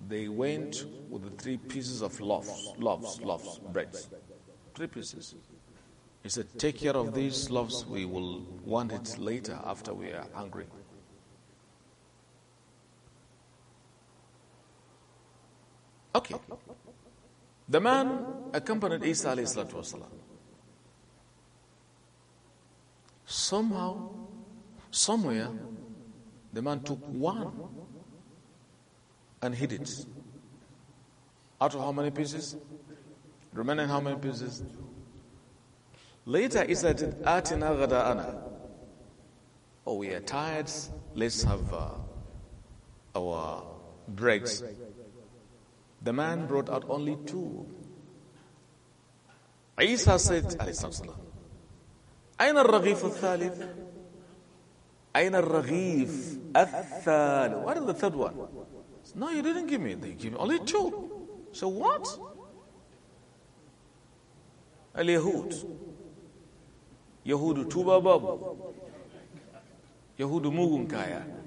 They went with the three pieces of loaves, loaves, loaves, breads, Three pieces. He said, take care of these loaves. We will want it later after we are hungry. Okay. The man accompanied Isa alayhi salatu wasalam. Somehow, Somewhere, the man took one and hid it. Out of how many pieces? Remaining how many pieces? Later, he said, Atina ana." Oh, we are tired. Let's have uh, our breaks. The man brought out only two. Isa said, Aina al-Raghif al-Thalith? أين الرغيف الثالث what is the third one no you didn't give me they give me only two so what اليهود يهود توبا باب يهود موغن كايا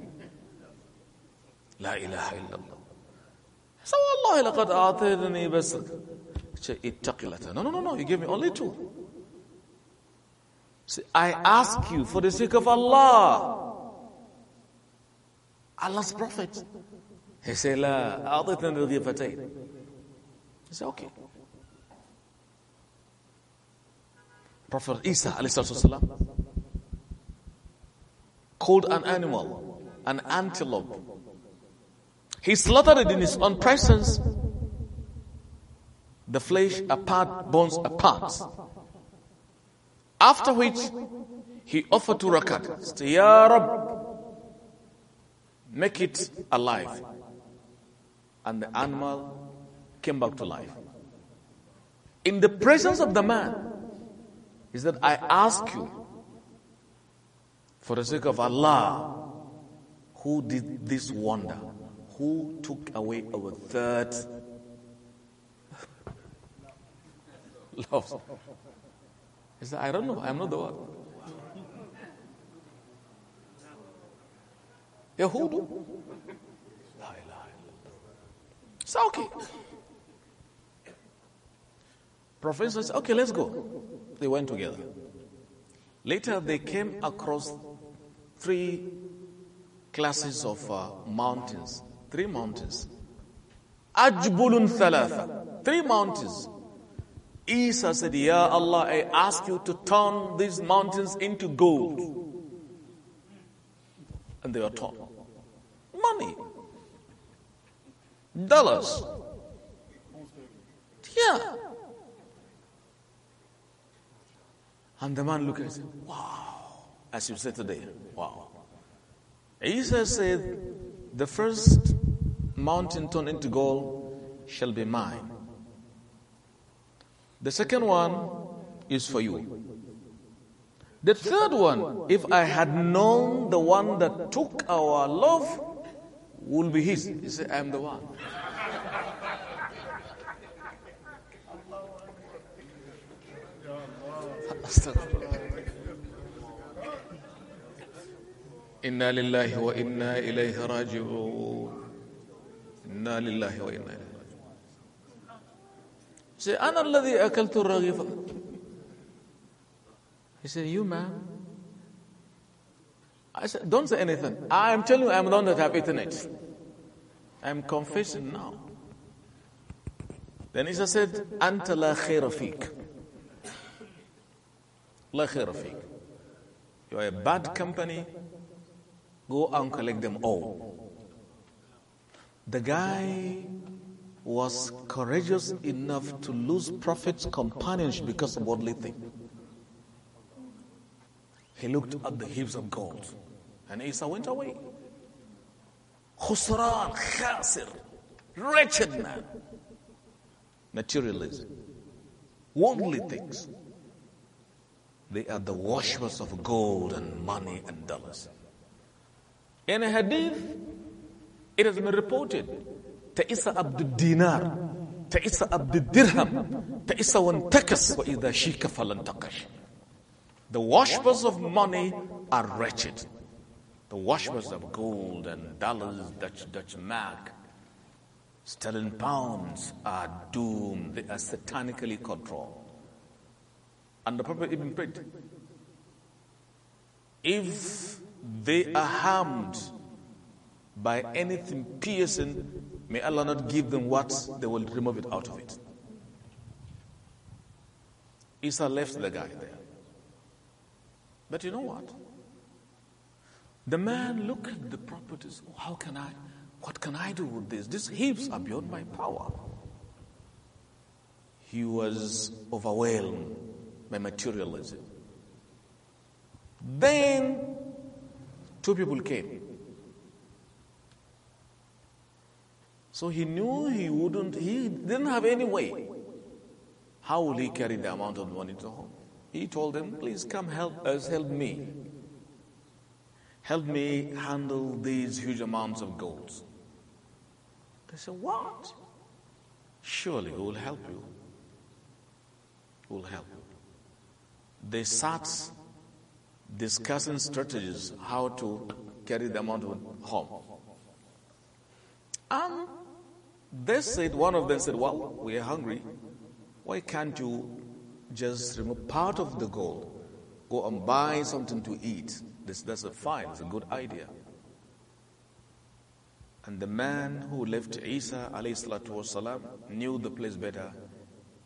لا إله إلا الله سوى الله لقد أعطيتني بس اتق الله no no no no you gave me only two See, I ask you for the sake of Allah Allah's prophet. He said, لا أعطتنا الغفتين. He said, okay. Prophet Isa والسلام, called an animal, an antelope. He slaughtered it in his own presence. The flesh apart, bones apart. After which, he offered to rakat. Ya Rab, Make it alive. And the animal came back to life. In the presence of the man, he said, I ask you, for the sake of Allah, who did this wonder? Who took away our third love? He said, I don't know. I'm not the one. Yahudu. So okay. Professor said, okay, let's go. They went together. Later, they came across three classes of uh, mountains. Three mountains. Ajbulun thalatha. Three mountains. Isa said, Ya Allah, I ask you to turn these mountains into gold and they were taught money, dollars. Yeah. And the man looked at him, wow, as you said today, wow. Isa said, the first mountain turned into gold shall be mine. The second one is for you. The third one, if I had known the one that took our love would be his, he said, I am the one. إنا لله وإنا إليه راجعون إنا لله وإنا إليه راجعون أنا الذي أكلت الرغيف he said, You, ma'am? I said, Don't say anything. I am telling you, I'm the one that have eaten it. I'm confessing now. Then Isa said, Anta la khirafik. La You are a bad company. Go and collect them all. The guy was courageous enough to lose Prophet's companionship because of worldly things. He looked at the heaps of gold. And Isa went away. Khusran, khasir, wretched man. Materialism, worldly things. They are the worshippers of gold and money and dollars. In a hadith, it has been reported Ta'isa abdu dinar, Ta'isa abdu dirham, Ta'isa wan takas, wa idha shika falan takash. The worshippers of money are wretched. The worshippers of gold and dollars, Dutch, Dutch mark, sterling pounds are doomed. They are satanically controlled. And the Prophet even prayed if they are harmed by anything piercing, may Allah not give them what they will remove it out of it. Isa left the guy there. But you know what? The man looked at the properties. Oh, how can I? What can I do with this? These heaps are beyond my power. He was overwhelmed by materialism. Then two people came. So he knew he wouldn't, he didn't have any way. How will he carry the amount of money to home? He told him, Please come help us, help me. Help me handle these huge amounts of gold. They said, What? Surely we will help you. We will help you. They sat discussing strategies how to carry the amount home. And they said, one of them said, Well, we are hungry. Why can't you just remove part of the gold, go and buy something to eat. This, that's a fine, it's a good idea. And the man who left Isa والسلام, knew the place better.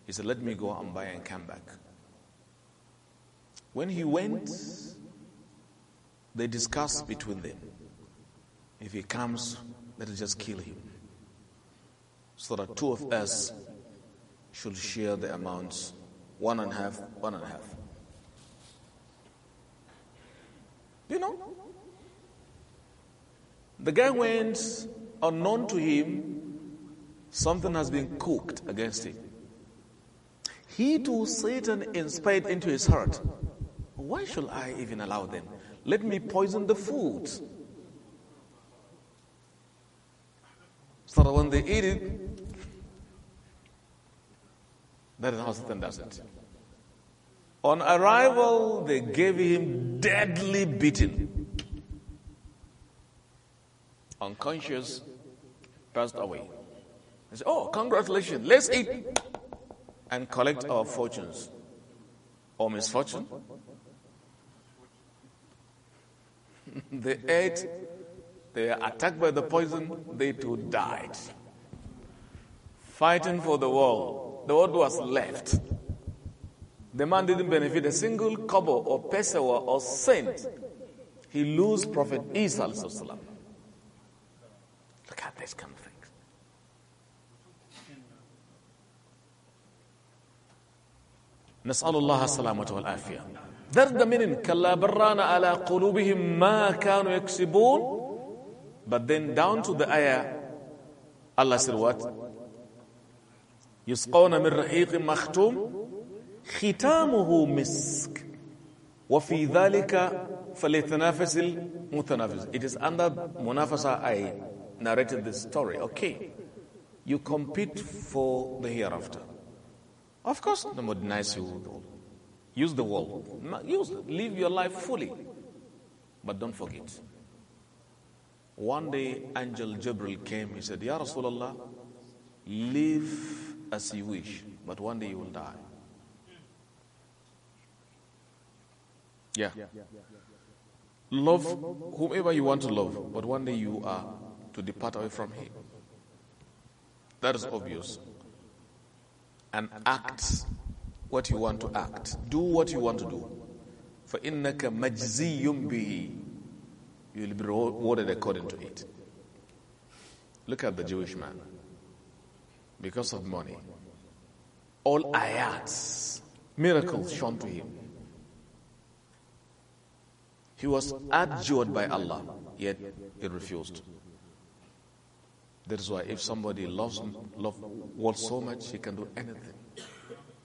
He said, Let me go and buy and come back. When he went, they discussed between them. If he comes, let us just kill him. So that two of us should share the amounts one and a half, one and a half. You know? The guy went, unknown to him, something has been cooked against him. He too, Satan inspired into his heart. Why should I even allow them? Let me poison the food. So that when they eat it, that is how Satan does it. On arrival, they gave him deadly beating. Unconscious, passed away. They said, Oh, congratulations, let's eat and collect our fortunes or misfortune. they ate, they were attacked by the poison, they too died. Fighting for the world the world was left. The man didn't benefit a single kobo or pesewa or cent. He lose Prophet Isa. Look at this kind of thing. نسأل الله السلامة والعافية ذرد من كلا بران على قلوبهم ما كانوا يكسبون but then down to the ayah Allah said what يسقون من رحيق مختوم ختامه مسك وفي ذلك فليتنافس المتنافس it is under munafasa I narrated this story okay you compete for the hereafter of course nobody nice you use the world use live your life fully but don't forget one day angel Jibril came he said Ya Rasulullah live as you wish, but one day you will die. Yeah. Love whomever you want to love, but one day you are to depart away from him. That is obvious. And act what you want to act. Do what you want to do. For innaka majziyum yumbi, You will be rewarded according to it. Look at the Jewish man because of money. All ayats, miracles shown to him. He was adjured by Allah, yet he refused. That is why if somebody loves love world so much, he can do anything.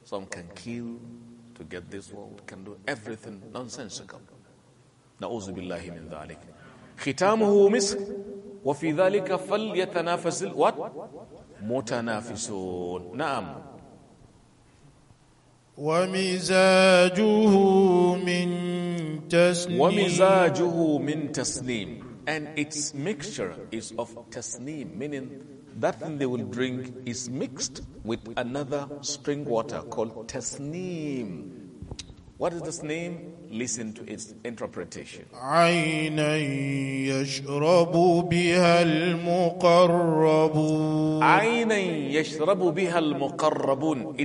Some can kill to get this world, can do everything nonsensical. Now, بالله من ذلك وفي ذلك فليتنافس what متنافسون نعم ومزاجه من wa ومزاجه min تسليم and its mixture is of tasneem meaning that thing they will drink is mixed with another spring water called tasneem what is this name listen to its interpretation. It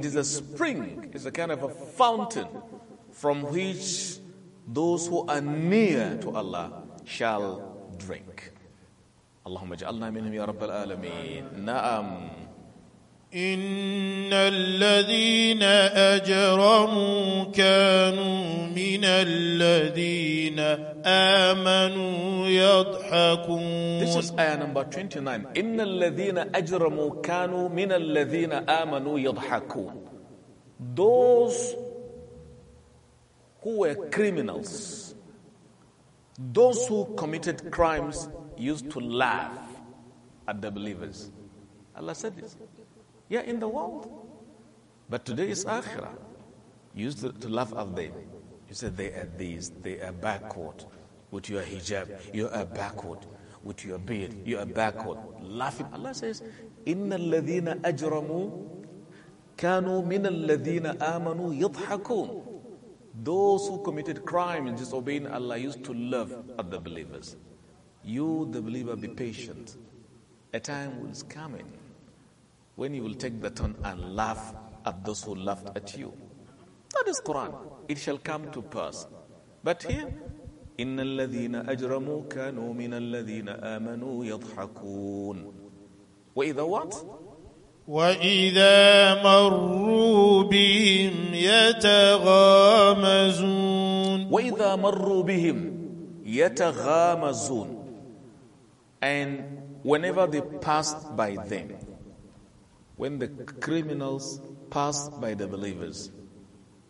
is a spring, it's a kind of a fountain from which those who are near to Allah shall drink. اللهم اجعلنا منهم يا رب العالمين. نعم. إن الذين أجرموا كانوا من الذين آمنوا يضحكون This is آية number 29 إن الذين أجرموا كانوا من الذين آمنوا يضحكون Those who were criminals Those who committed crimes used to laugh at the believers Allah said this Yeah, in the world. But today is akhirah. You used to, laugh at them. You said they are these, they are backward with your hijab, you are backward with your beard, you are backward. Laughing. Allah says, Inna ladina ajramu kanu min alladhina amanu yadhhakun. Those who committed crime and disobeying Allah used to laugh at the believers. You, the believer, be patient. A time is coming when you will take the turn and laugh at those who laughed at you. That is Quran. It shall come to pass. But here, إن الذين أجرموا كانوا من الذين آمنوا يضحكون. وإذا what? وإذا مروا بهم يتغامزون. وإذا مروا بهم يتغامزون. And whenever they passed by them, when the criminals pass by the believers,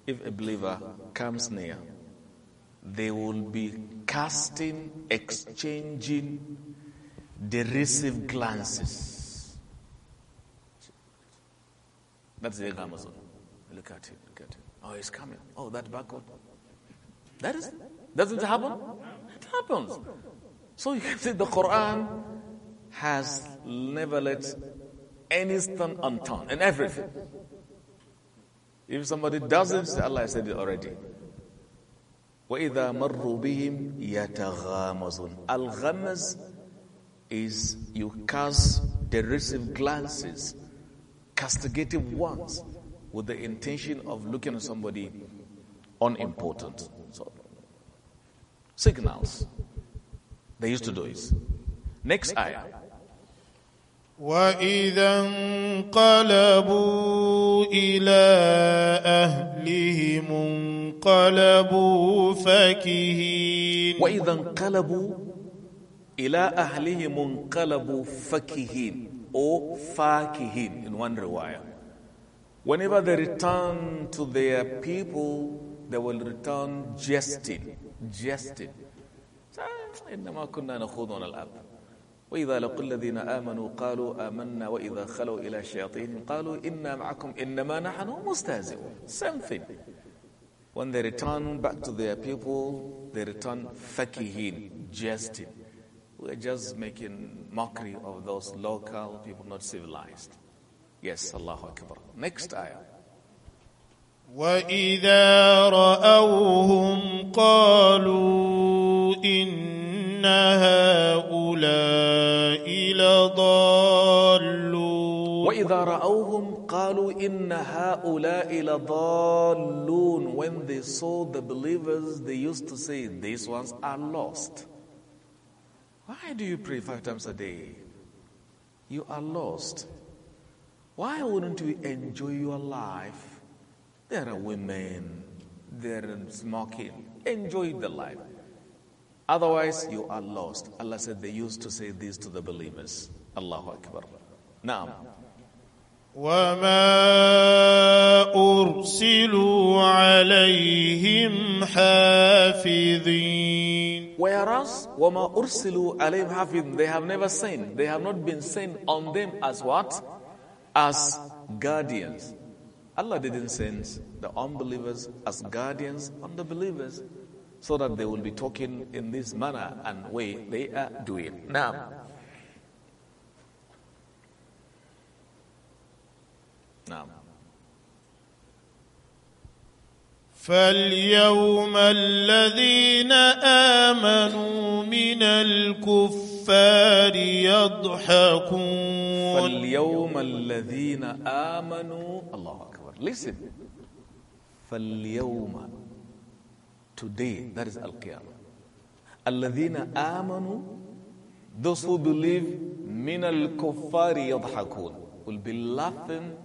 if a believer comes near, they will be casting, exchanging derisive glances. That's the Amazon. Look at him, look at him. Oh, he's coming. Oh, that backward. That is, doesn't it happen? It happens. So you can see the Quran has never let any stone unturned, and everything. If somebody does it, Allah said it already. وَإِذَا مَرُّوا بِهِمْ يَتَغَامَزُونَ is you cast derisive glances, castigative ones, with the intention of looking at somebody unimportant. So, signals. They used to do it. Next ayah. وإذا انقلبوا إلى أهلهم انقلبوا فكهين وإذا انقلبوا إلى أهلهم انقلبوا فكهين او فاكهين in one روايه Whenever they return to their people, they will return jesting, jesting. Ah, إنما كنا نخوض وإذا لقوا الذين آمنوا قالوا آمنا وإذا خلوا إلى الشياطين قالوا إنا معكم إنما نحن مستهزئون same thing when they return back to their people they return fakihin jesting we're just making mockery of those local people not civilized yes Allahu Akbar next ayah واذا راوهم قالوا ان هؤلاء لضالون واذا راوهم قالوا ان هؤلاء لضالون when they saw the believers they used to say these ones are lost why do you pray five times a day you are lost why wouldn't you enjoy your life there are women, they're smoking. Enjoy the life. Otherwise, you are lost. Allah said they used to say this to the believers. Allahu Akbar. Now. وما أرسلوا عليهم حافظين Whereas وما أرسلوا عليهم حافظين They have never seen. They have not been seen on them as what? As guardians Allah didn't send the unbelievers as guardians on the believers so that they will be talking in this manner and way they are doing. Now, now. فاليوم الذين آمنوا من الكفار يضحكون فاليوم الذين آمنوا الله Listen. فَالْيَوْمَ Today, that is Al-Qiyamah. الَّذِينَ آمَنُوا Those who believe مِنَ الْكُفَّارِ يَضْحَكُونَ Will be laughing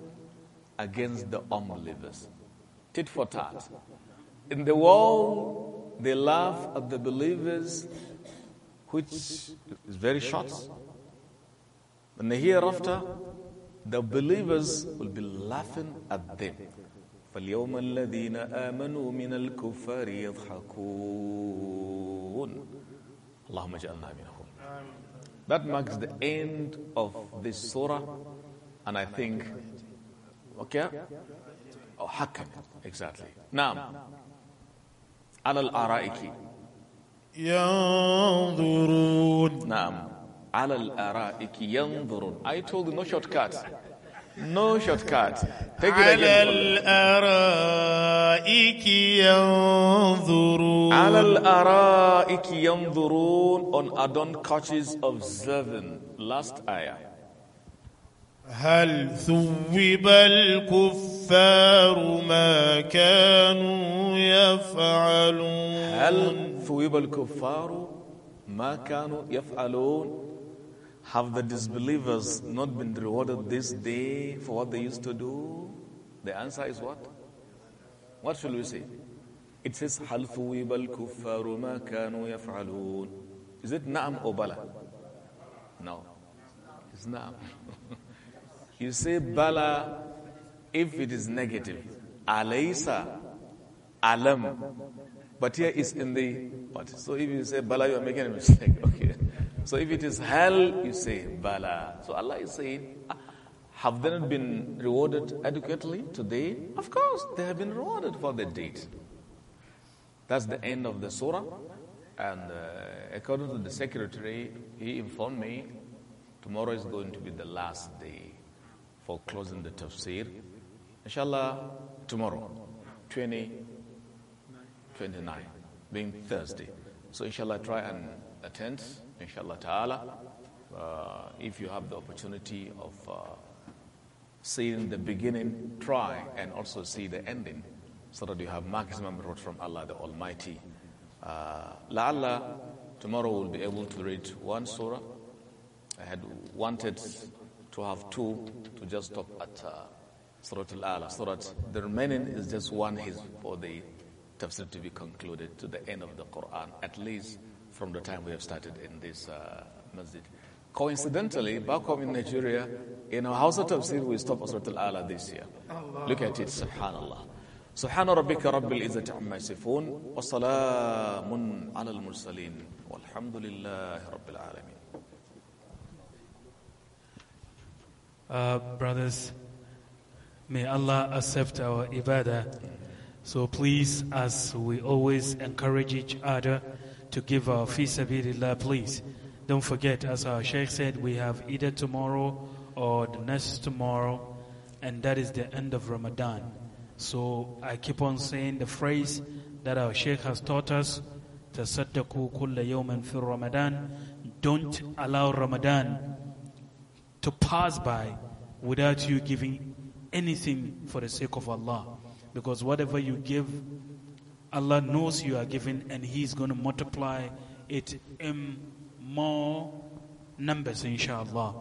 against the unbelievers. Tit for tat. In the world, they laugh at the believers, which is very short. And the hereafter, the believers will be laughing at them. فاليوم الذين آمنوا من الكفار يضحكون اللهم اجعلنا منهم That marks the end of this surah and I think okay oh, حكم exactly نعم على الأرائك ينظرون نعم على الأرائك yanzurun. I told you no shortcut No shortcut Take على الأرائك Alal على الأرائك Alal ara'iki yanzurun on adorned couches observing. Last ayah. هل ثوب الكفار ما كانوا يفعلون هل ثوب الكفار ما كانوا يفعلون Have the disbelievers not been rewarded this day for what they used to do? The answer is what? What shall we say? It says, حَلْفُوا وَبَالْكُفَّارُ مَا كَانُوا يَفْعَلُونَ Is it na'am or bala? No. It's na'am. you say bala if it is negative. Alaysa. Alam. But here it's in the... What? So if you say bala, you are making a mistake. Okay. So if it is hell, you say bala. So Allah is saying, have they not been rewarded adequately today? Of course, they have been rewarded for their deed. That's the end of the surah. And uh, according to the secretary, he informed me tomorrow is going to be the last day for closing the tafsir. Inshallah, tomorrow, 20, 29, being Thursday. So inshallah, try and attend inshallah ta'ala. Uh, if you have the opportunity of uh, seeing the beginning, try and also see the ending so that you have maximum reward from Allah the Almighty. Uh, La Allah, tomorrow we'll be able to read one surah. I had wanted to have two to just stop at uh, Surah Al-Ala. Surah, the remaining is just one his for the tafsir to be concluded to the end of the Quran. At least from the time we have started in this uh, masjid. Coincidentally, back home in Nigeria, in our house of tafsir, we stopped Surat Al-Ala this year. Look at it, subhanallah. سبحان ربك رب العزة عما يصفون وسلام على المرسلين والحمد لله رب العالمين Uh, brothers, may Allah accept our ibadah. So please, as we always encourage each other, to give our fee sabilillah, please. Don't forget, as our Sheikh said, we have either tomorrow or the next tomorrow, and that is the end of Ramadan. So I keep on saying the phrase that our Sheikh has taught us, tasaddaqu kulla yawman fi Ramadan. Don't allow Ramadan to pass by without you giving anything for the sake of Allah. Because whatever you give Allah knows you are giving and He is going to multiply it in more numbers, inshallah.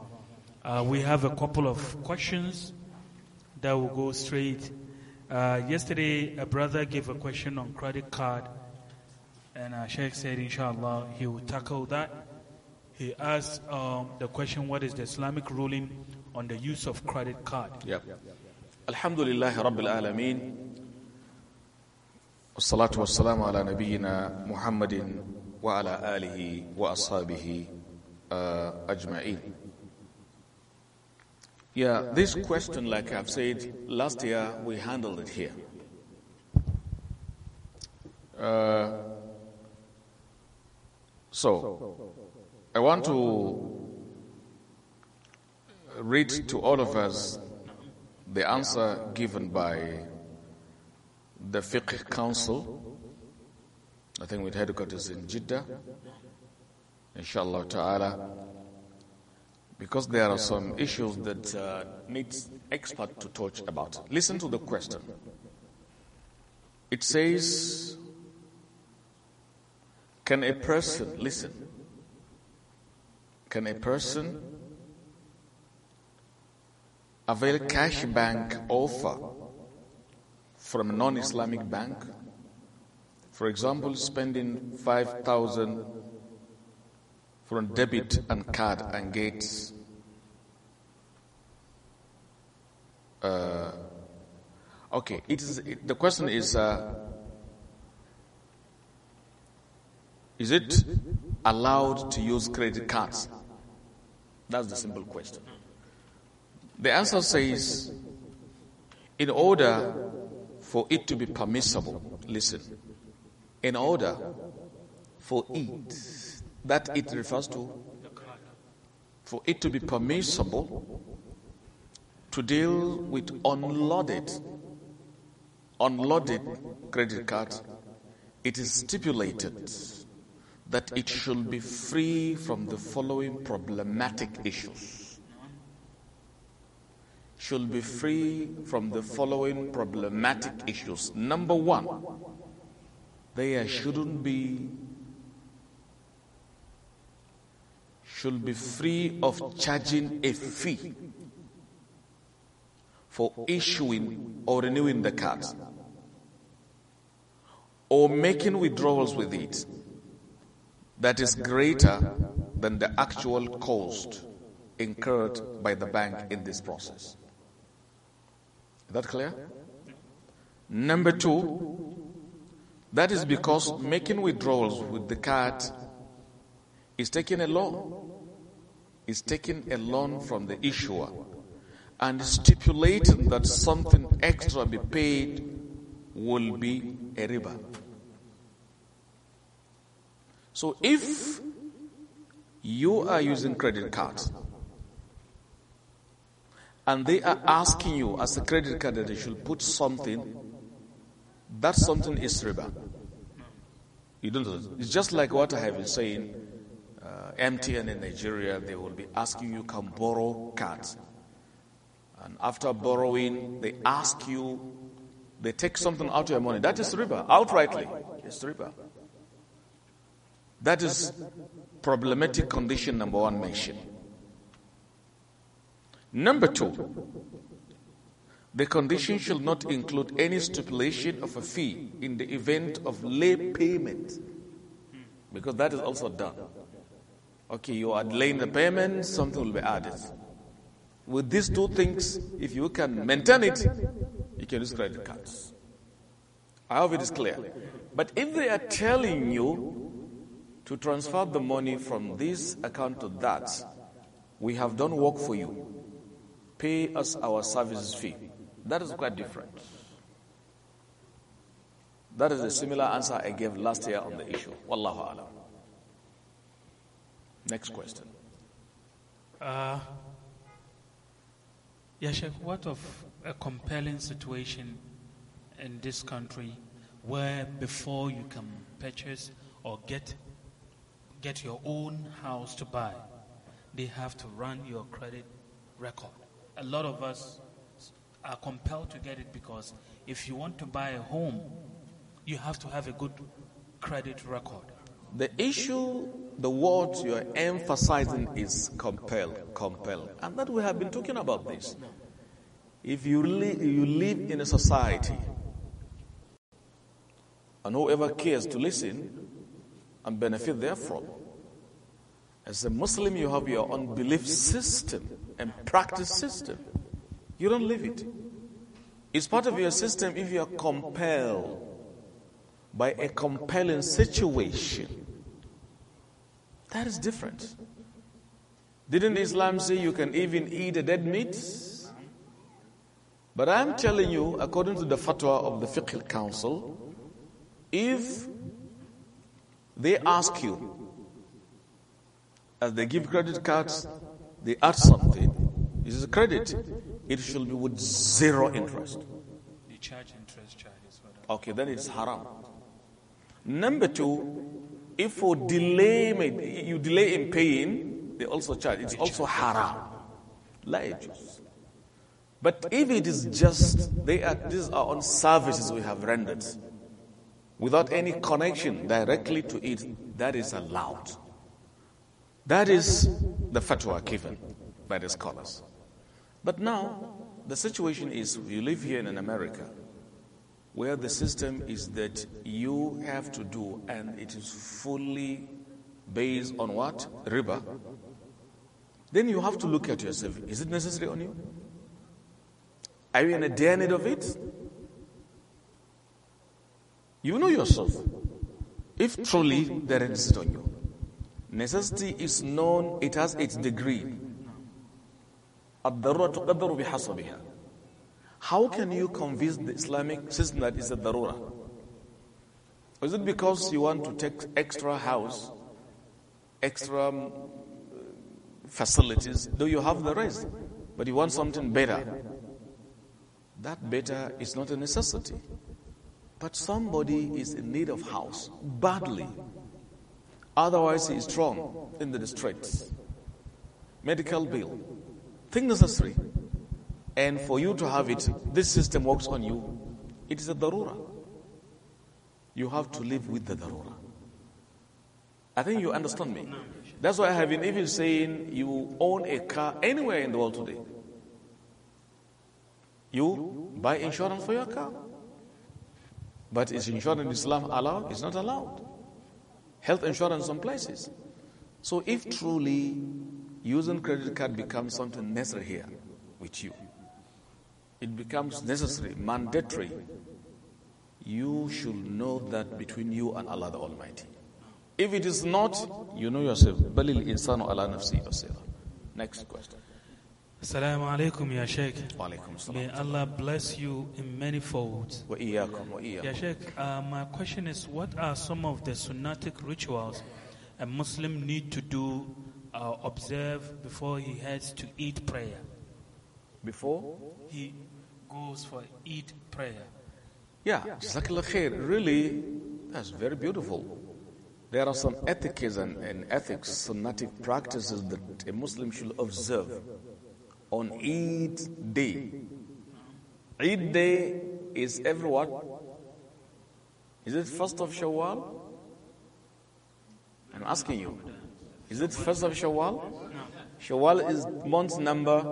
Uh, we have a couple of questions that will go straight. Uh, yesterday, a brother gave a question on credit card, and uh, Sheikh said, inshallah, he will tackle that. He asked um, the question, what is the Islamic ruling on the use of credit card? Yep. Alhamdulillah, Rabbil Alameen. والصلاة والسلام على نبينا محمد وعلى آله وأصحابه أجمعين Yeah, this question, like I've said, last year we handled it here. Uh, so, I want to read to all of us the answer given by the Fiqh Council. I think with headquarters in Jeddah. Inshallah ta'ala. Because there are some issues that uh, needs expert to touch about. Listen to the question. It says, can a person, listen, can a person avail cash bank offer from a non Islamic bank, for example, spending 5,000 from debit and card and gates. Uh, okay, it is, it, the question is uh, Is it allowed to use credit cards? That's the simple question. The answer says, in order for it to be permissible, listen, in order for it, that it refers to, for it to be permissible to deal with unloaded, unloaded credit cards, it is stipulated that it should be free from the following problematic issues should be free from the following problematic issues. Number one, there shouldn't be, should be free of charging a fee for issuing or renewing the card or making withdrawals with it that is greater than the actual cost incurred by the bank in this process. Is that clear? Number two, that is because making withdrawals with the card is taking a loan. Is taking a loan from the issuer and stipulating that something extra be paid will be a riba. So if you are using credit cards and they are asking you as a credit card that they should put something, that something is riba. You don't. It's just like what I have been saying. Uh, MTN in Nigeria, they will be asking you can borrow cards, and after borrowing, they ask you, they take something out of your money. That is riba, outrightly. It's riba. That is problematic condition number one mentioned. Number two, the condition should not include any stipulation of a fee in the event of late payment, because that is also done. Okay, you are delaying the payment, something will be added. With these two things, if you can maintain it, you can use credit cards. I hope it is clear. But if they are telling you to transfer the money from this account to that, we have done work for you pay us our services fee. That is quite different. That is a similar answer I gave last year on the issue. Wallahu alam. Next question. Uh, what of a compelling situation in this country where before you can purchase or get get your own house to buy, they have to run your credit record? a lot of us are compelled to get it because if you want to buy a home, you have to have a good credit record. The issue, the word you're emphasizing is compel, compel. And that we have been talking about this. If you, li- you live in a society, and whoever cares to listen and benefit therefrom, as a Muslim, you have your own belief system and practice system. You don't live it. It's part of your system if you are compelled by a compelling situation. That is different. Didn't Islam say you can even eat a dead meat? But I'm telling you, according to the fatwa of the Fiqh Council, if they ask you, as they give credit cards, they add something, this is a credit. It should be with zero interest. You charge interest charges. Okay, then it's haram. Number two, if for delay, you delay in paying, they also charge. It's also haram. Lai'jus. But if it is just, they are, these are on services we have rendered without any connection directly to it, that is allowed. That is the fatwa given by the scholars. But now, the situation is you live here in America where the system is that you have to do and it is fully based on what? Riba. Then you have to look at yourself. Is it necessary on you? Are you in a dire need of it? You know yourself. If truly there is necessity on you. Necessity is known, it has its degree. الضرورة تقدر بحسبها How can you convince the Islamic system that it's a darura? Is it because you want to take extra house, extra um, facilities, though you have the rest, but you want something better? That better is not a necessity. But somebody is in need of house, badly. Otherwise, he is thrown in the streets. Medical bill, thing necessary. And for you to have it, this system works on you. It is a darura. You have to live with the darura. I think you understand me. That's why I have been even saying you own a car anywhere in the world today. You buy insurance for your car. But is insurance in Islam allowed? It's not allowed. Health insurance some places. So if truly using credit card becomes something necessary here with you. It becomes necessary, mandatory. You should know that between you and Allah the Almighty. If it is not, you know yourself. Balil insanu ala nafsi basira. Next question. Assalamu alaikum, Ya Sheikh. May Allah bless you in many folds. Wa iyaakum, wa iyaakum. Ya Sheikh, uh, my question is what are some of the sunnatic rituals a Muslim need to do uh, observe before he heads to eat prayer. Before? He goes for eat prayer. Yeah, Jazakallah khair. Really, that's very beautiful. There are some ethics and, and ethics, sunnatic practices that a Muslim should observe on Eid day. Eid day is every what? Is it first of Shawwal? I'm asking you. Is it first of Shawwal? Shawwal is month number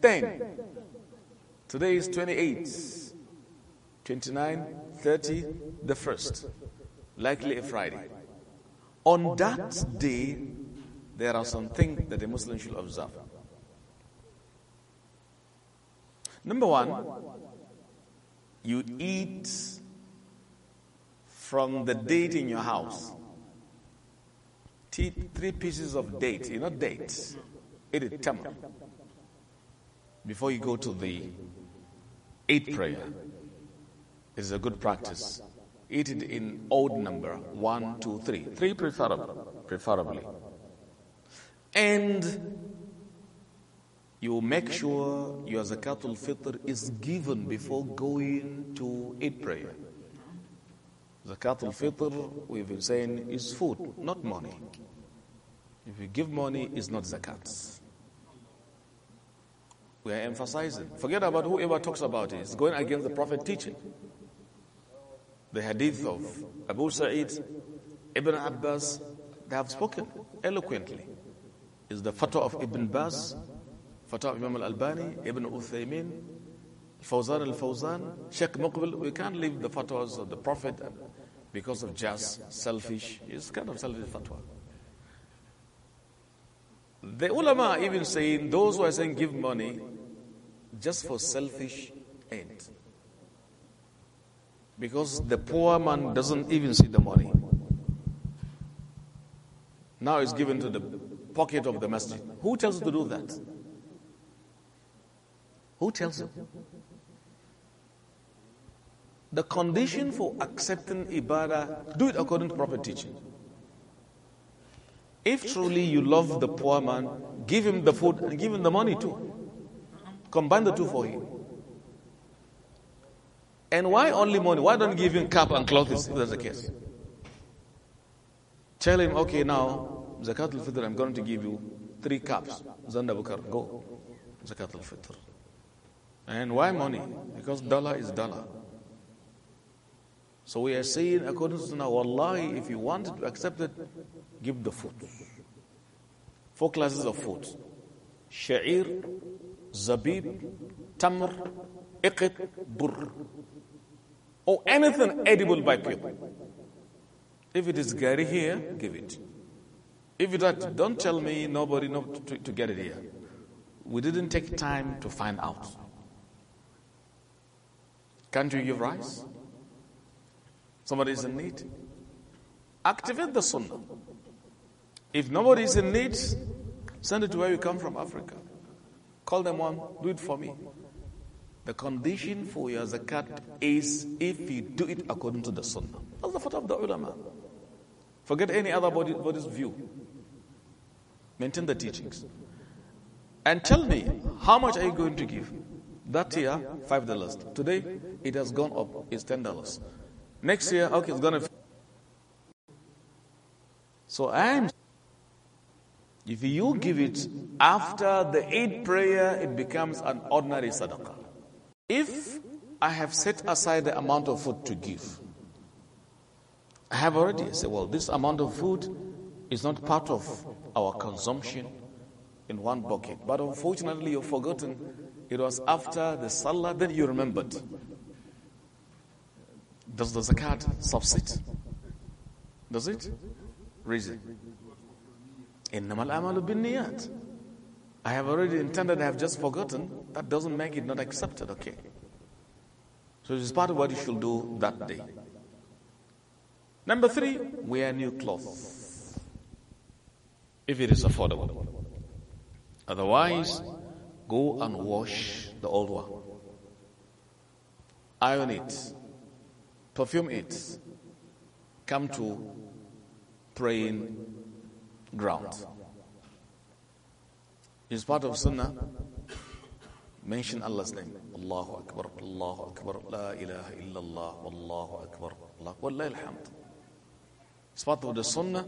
10. Today is 28, 29, 30, the first, likely a Friday. On that day, there are some things that a Muslim should observe. Number one, you eat from the date in your house tea, three pieces of date, you know, dates. Eat it tamar. Before you go to the eight prayer, it's a good practice. Eat it in odd number one, two, three. Three preferable, preferably. And you make sure your zakatul fitr is given before going to eight prayer. Zakat al-Fitr, we've been saying, is food, not money. If you give money, it's not zakat. We are emphasizing. Forget about whoever talks about it. It's going against the Prophet teaching. The hadith of Abu Sa'id, Ibn Abbas, they have spoken eloquently. It's the fatwa of Ibn Baz, fatwa of Imam al-Albani, Ibn Uthaymin, Fawzan al-Fawzan, Sheikh Muqbil, we can't leave the fatwas of the Prophet because of just selfish, it's kind of selfish fatwa. The ulama even saying, those who are saying give money just for selfish end. Because the poor man doesn't even see the money. Now it's given to the pocket of the masjid. Who tells you to do that? Who tells you? The condition for accepting ibadah, do it according to proper teaching. If truly you love the poor man, give him the food and give him the money too. Combine the two for him. And why only money? Why don't you give him cap and clothes if that's the case? Tell him, okay, now, Zakat al Fitr, I'm going to give you three caps. Zanda go. Zakat al Fitr. And why money? Because dollar is dollar. So we are saying, according to Sunnah, Wallahi, if you want to accept it, give the food. Four classes of food sha'ir, zabib, tamr, iqit, burr. Or anything edible by people. If it is gari here, give it. If that, don't tell me nobody know to, to get it here. We didn't take time to find out. Can't you give rice? Somebody is in need. Activate the sunnah. If nobody is in need, send it to where you come from, Africa. Call them one, do it for me. The condition for your zakat is if you do it according to the sunnah. That's the fatwa of the ulama. Forget any other body, body's view. Maintain the teachings. And tell me, how much are you going to give? That year, $5. Today, it has gone up. It's $10. Next year, okay, it's going to. So I'm. If you give it after the eight prayer, it becomes an ordinary sadaqah. If I have set aside the amount of food to give, I have already said, well, this amount of food is not part of our consumption in one bucket. But unfortunately, you've forgotten it was after the salah that you remembered. Does the zakat subsist? Does it? Reason. amalu bin niyat. I have already intended, I have just forgotten. That doesn't make it not accepted, okay? So it's part of what you should do that day. Number three, wear new clothes. If it is affordable. Otherwise, go and wash the old one. Iron it perfume it, come to praying ground. It's part of Sunnah. Mention Allah's name. Allahu Akbar, Allahu Akbar, La ilaha illallah, Allahu Akbar, Allah, Wallahi alhamd. It's part of the Sunnah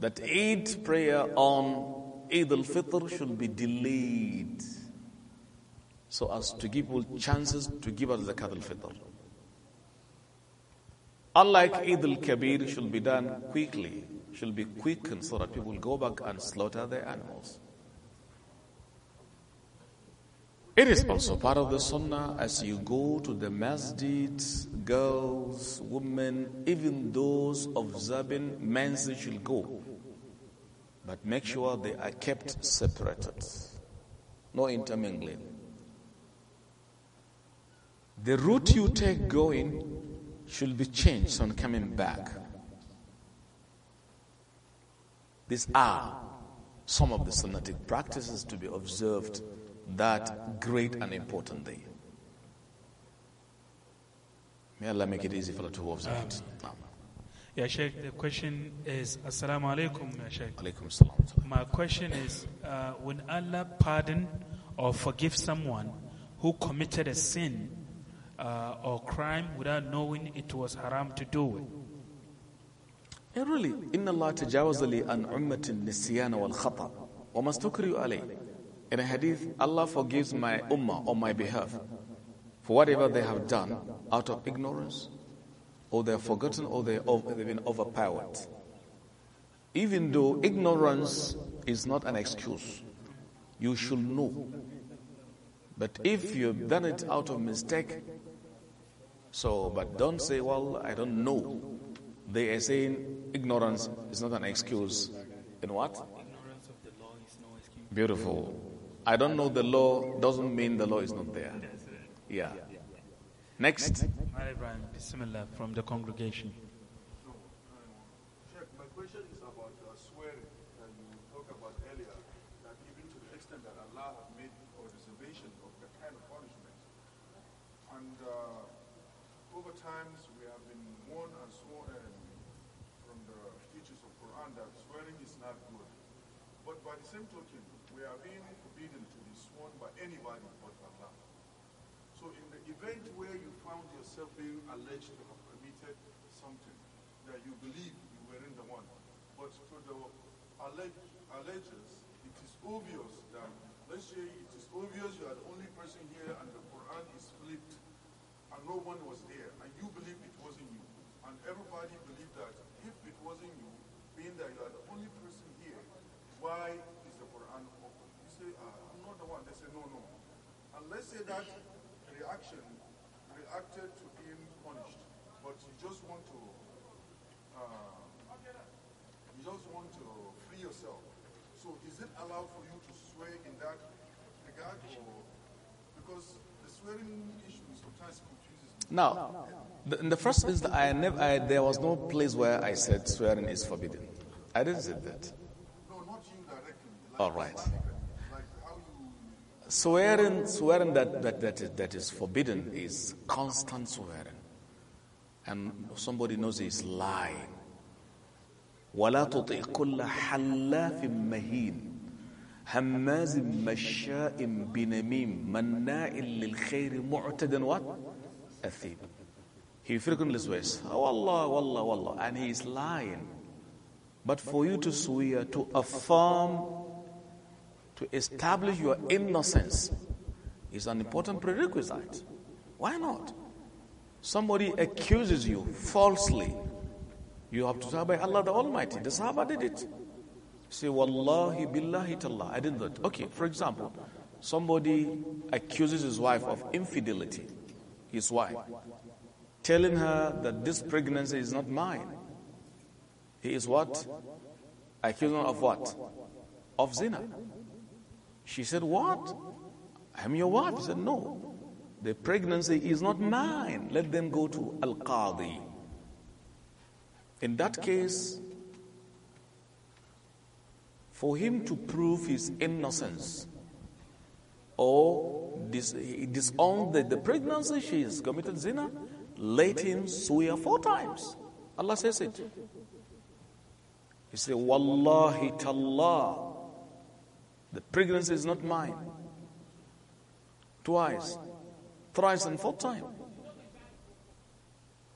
that Eid prayer on Eid al-Fitr should be delayed so as to give people chances to give us zakat al-Fitr. Unlike Eid al-Kabir, should be done quickly, should be quickened so that people go back and slaughter their animals. It is also part of the sunnah as you go to the masjid, girls, women, even those observing men's should go. But make sure they are kept separated, no intermingling. The route you take going should be changed on coming back. These are some of the Sunnatic practices to be observed that great and important day. May Allah make it easy for the two of it. Yeah, Sheikh, the question is Assalamu alaikum, Sheikh. Alaykum salam. My question is uh, When Allah pardon or forgive someone who committed a sin uh, or crime without knowing it was haram to do it. And really, إن الله تجاوز لي ummatin أمة wal والخطأ وما استكروا عليه. In a hadith, Allah forgives my ummah on my behalf for whatever they have done out of ignorance, or they have forgotten, or they have been overpowered. Even though ignorance is not an excuse, you should know. But if you've done it out of mistake, so, but don't say, well, I don't know. They are saying ignorance is not an excuse. In what? Ignorance of the law is no excuse. Beautiful. I don't know the law doesn't mean the law is not there. Yeah. Next. Bismillah from the congregation. obvious that, let's say it is obvious you are the only person here and the Quran is flipped and no one was there and you believe it wasn't you. And everybody believed that if it wasn't you, being that you are the only person here, why is the Quran open? You say, ah, I'm not the one. They say, no, no. And let's say that reaction reacted to being punished, but you just want to, uh, you just want to allow for you to swear in that regard? Or, because the swearing issue sometimes confuses me. Now, no, no. The, in the first I never, I, there was no place where I said swearing is forbidden. I didn't say that. No, not you directly. Like All right. swearing, swearing that, that, that, is, that is forbidden is constant swearing. And somebody knows he's lying. هماز مشاء بنميم مناع للخير معتد what? أثيم He frequently swears, oh Allah, oh Allah, and he is lying. But for you to swear, to affirm, to establish your innocence is an important prerequisite. Why not? Somebody accuses you falsely. You have to swear by Allah the Almighty. The Sahaba did it. Say, Wallahi, billahi, tallah. I did that. Okay, for example, somebody accuses his wife of infidelity, his wife, telling her that this pregnancy is not mine. He is what? Accusing her of what? Of zina. She said, What? I'm your wife. He said, No. The pregnancy is not mine. Let them go to Al Qadi. In that case, for him to prove his innocence or dis- disown the, the pregnancy she has committed zina, let him swear four times. Allah says it. He said, Wallahi tallah. The pregnancy is not mine. Twice, thrice, and four times.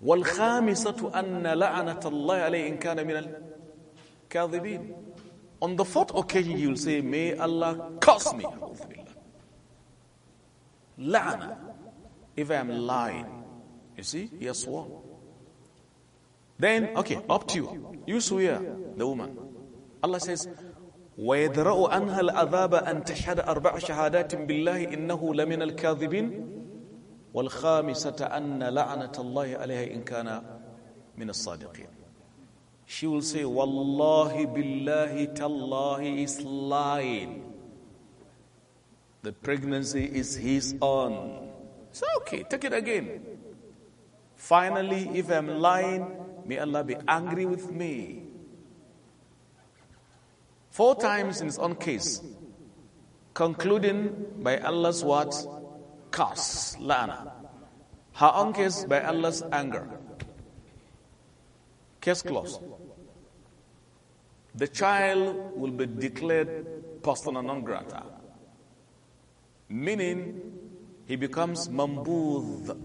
والخامسة أن لعنة الله عليه إن كان من الكاذبين on the fourth occasion, he will say, May Allah curse me. La'ana. If I am lying. You see, he has sworn. Then, okay, up to you. You swear, the woman. Allah says, ويدرأ عنها العذاب أن تشهد أربع شهادات بالله إنه لمن الكاذبين والخامسة أن لعنة الله عليها إن كان من الصادقين she will say, Wallahi billahi tallahi is lying. The pregnancy is his own. So, okay, take it again. Finally, if I'm lying, may Allah be angry with me. Four times in his own case, concluding by Allah's what? Curse, la'ana. Her own case by Allah's anger. Case closed the child will be declared persona non grata, meaning he becomes mambooth,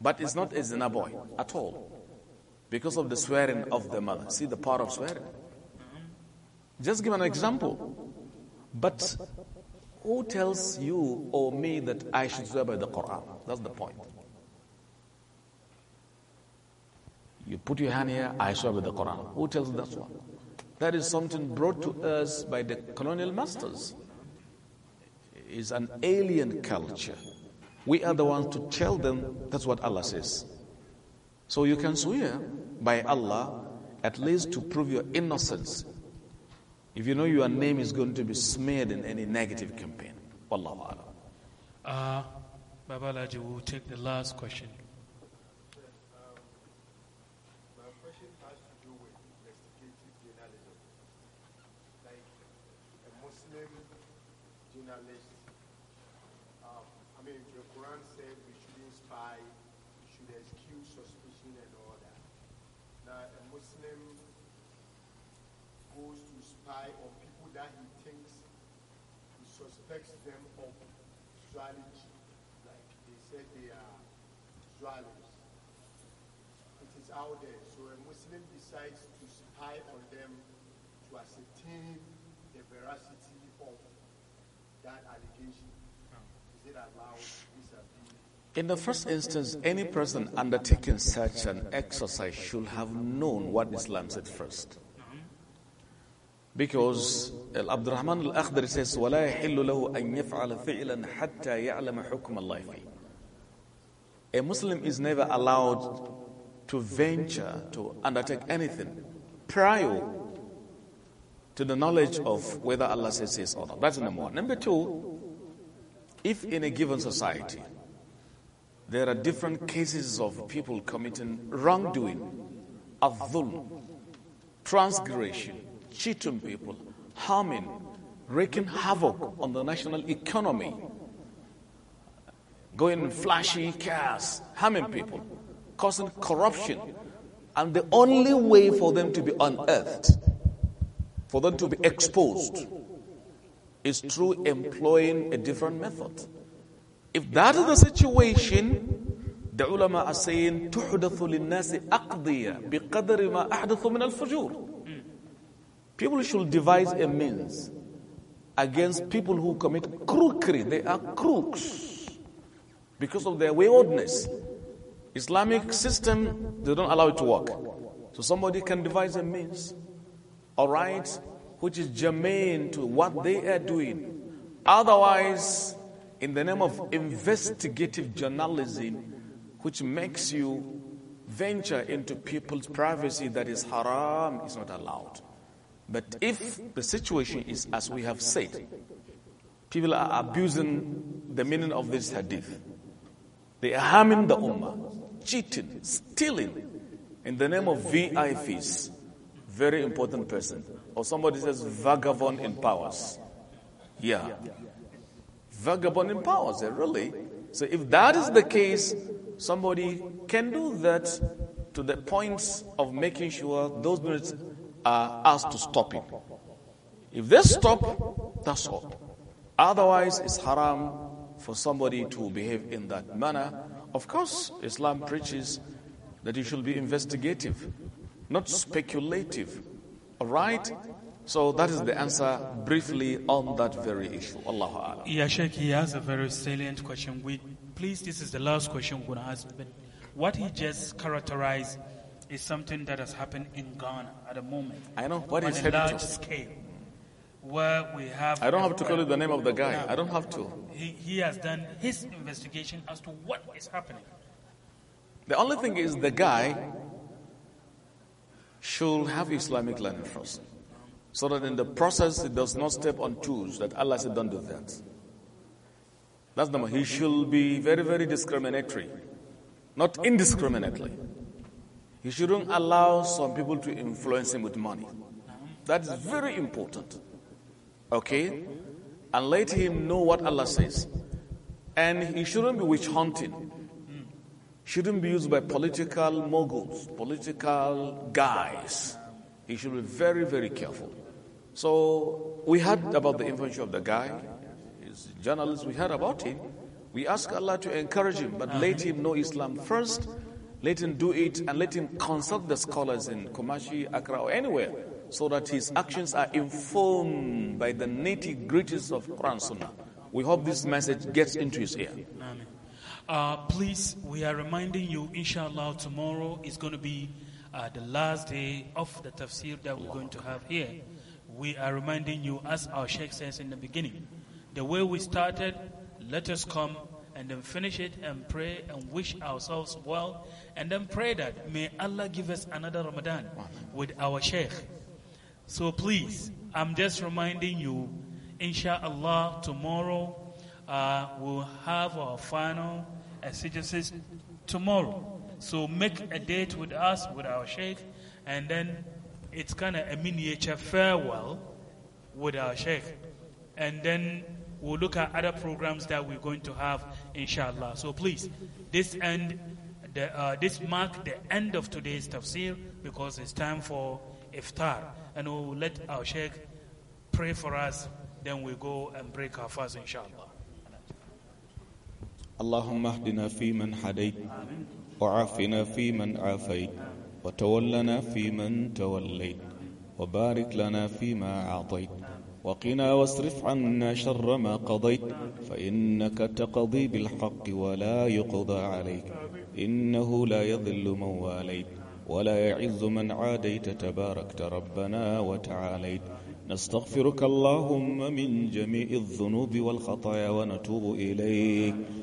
but is not a zina boy at all because of the swearing of the mother. See the power of swearing. Just give an example. But who tells you or me that I should swear by the Quran? That's the point. You put your hand here, I swear with the Quran. Who tells that one? That is something brought to us by the colonial masters. It's an alien culture. We are the ones to tell them that's what Allah says. So you can swear by Allah at least to prove your innocence. If you know your name is going to be smeared in any negative campaign. Wallahu Ah, uh, Baba Babalaji, we'll take the last question. Una lesson. Um, I mean, the Quran said we shouldn't spy, we should excuse suspicion and all that. Now, a Muslim goes to spy on people that he thinks he suspects them of zoology. Like they said they are zoologists. It is out there. So a Muslim decides to spy on them to ascertain the veracity of that allegation? Is it allowed in the first instance, any person undertaking such an exercise should have known what Islam said first. Because Abd Rahman al Akhdari says, وَلَا يَحِلُّ لَهُ أَن يَفْعَلَ فِعْلًا حَتَّى يَعْلَمَ حُكْمَ اللَّهِ A Muslim is never allowed to venture to undertake anything prior to the knowledge of whether Allah says yes or not. That's number one. Number two, if in a given society there are different cases of people committing wrongdoing, adhul, transgression, cheating people, harming, wreaking havoc on the national economy, going flashy cars, harming people, causing corruption, and the only way for them to be unearthed for them to be exposed is through employing a different method. If that is the situation, the ulama are saying, تُحْدَثُ لِلنَّاسِ أَقْضِيَ بِقَدْرِ مَا أَحْدَثُ مِنَ الْفُجُورِ People should devise a means against people who commit crookery. They are crooks because of their waywardness. Islamic system, they don't allow it to work. So somebody can devise a means all right, which is germane to what they are doing. Otherwise, in the name of investigative journalism, which makes you venture into people's privacy that is haram, is not allowed. But if the situation is as we have said, people are abusing the meaning of this hadith. They are harming the ummah, cheating, stealing in the name of VIPs very important person. Or somebody says vagabond in powers. Yeah. Vagabond in powers, eh, really. So if that is the case, somebody can do that to the point of making sure those minutes are asked to stop it. If they stop, that's all. Otherwise, it's haram for somebody to behave in that manner. Of course, Islam preaches that you should be investigative not speculative. All right? So that is the answer briefly on that very issue. Allahu Akbar. Yeah, Sheikh, he has a very salient question. We, please, this is the last question we're going to ask. But what he just characterized is something that has happened in Ghana at the moment. I know. What is happening? large scale. Where we have. I don't have to call you the name of the guy. I don't have to. He, he has done his investigation as to what is happening. The only thing is the guy should have Islamic learning first. So that in the process, it does not step on toes that Allah said, don't do that. That's number. He should be very, very discriminatory, not indiscriminately. He shouldn't allow some people to influence him with money. That is very important. Okay? And let him know what Allah says. And he shouldn't be witch hunting shouldn't be used by political moguls, political guys. He should be very, very careful. So we heard about the influence of the guy, his journalist, we heard about him. We ask Allah to encourage him, but let him know Islam first, let him do it, and let him consult the scholars in Kumashi, Accra, or anywhere, so that his actions are informed by the nitty gritties of Quran Sunnah. We hope this message gets into his ear. Uh, please, we are reminding you, inshallah, tomorrow is going to be uh, the last day of the tafsir that we're going to have here. We are reminding you, as our Sheikh says in the beginning, the way we started, let us come and then finish it and pray and wish ourselves well and then pray that may Allah give us another Ramadan with our Sheikh. So please, I'm just reminding you, inshallah, tomorrow uh, we'll have our final exegesis tomorrow. So make a date with us, with our sheikh, and then it's kind of a miniature farewell with our sheikh. And then we'll look at other programs that we're going to have, inshallah. So please, this end, the, uh, this mark the end of today's tafsir because it's time for iftar. And we'll let our sheikh pray for us, then we go and break our fast, inshallah. اللهم اهدنا فيمن هديت وعافنا فيمن عافيت وتولنا فيمن توليت وبارك لنا فيما أعطيت وقنا واصرف عنا شر ما قضيت فإنك تقضي بالحق ولا يقضى عليك إنه لا يذل من واليت ولا يعز من عاديت تباركت ربنا وتعاليت نستغفرك اللهم من جميع الذنوب والخطايا ونتوب إليك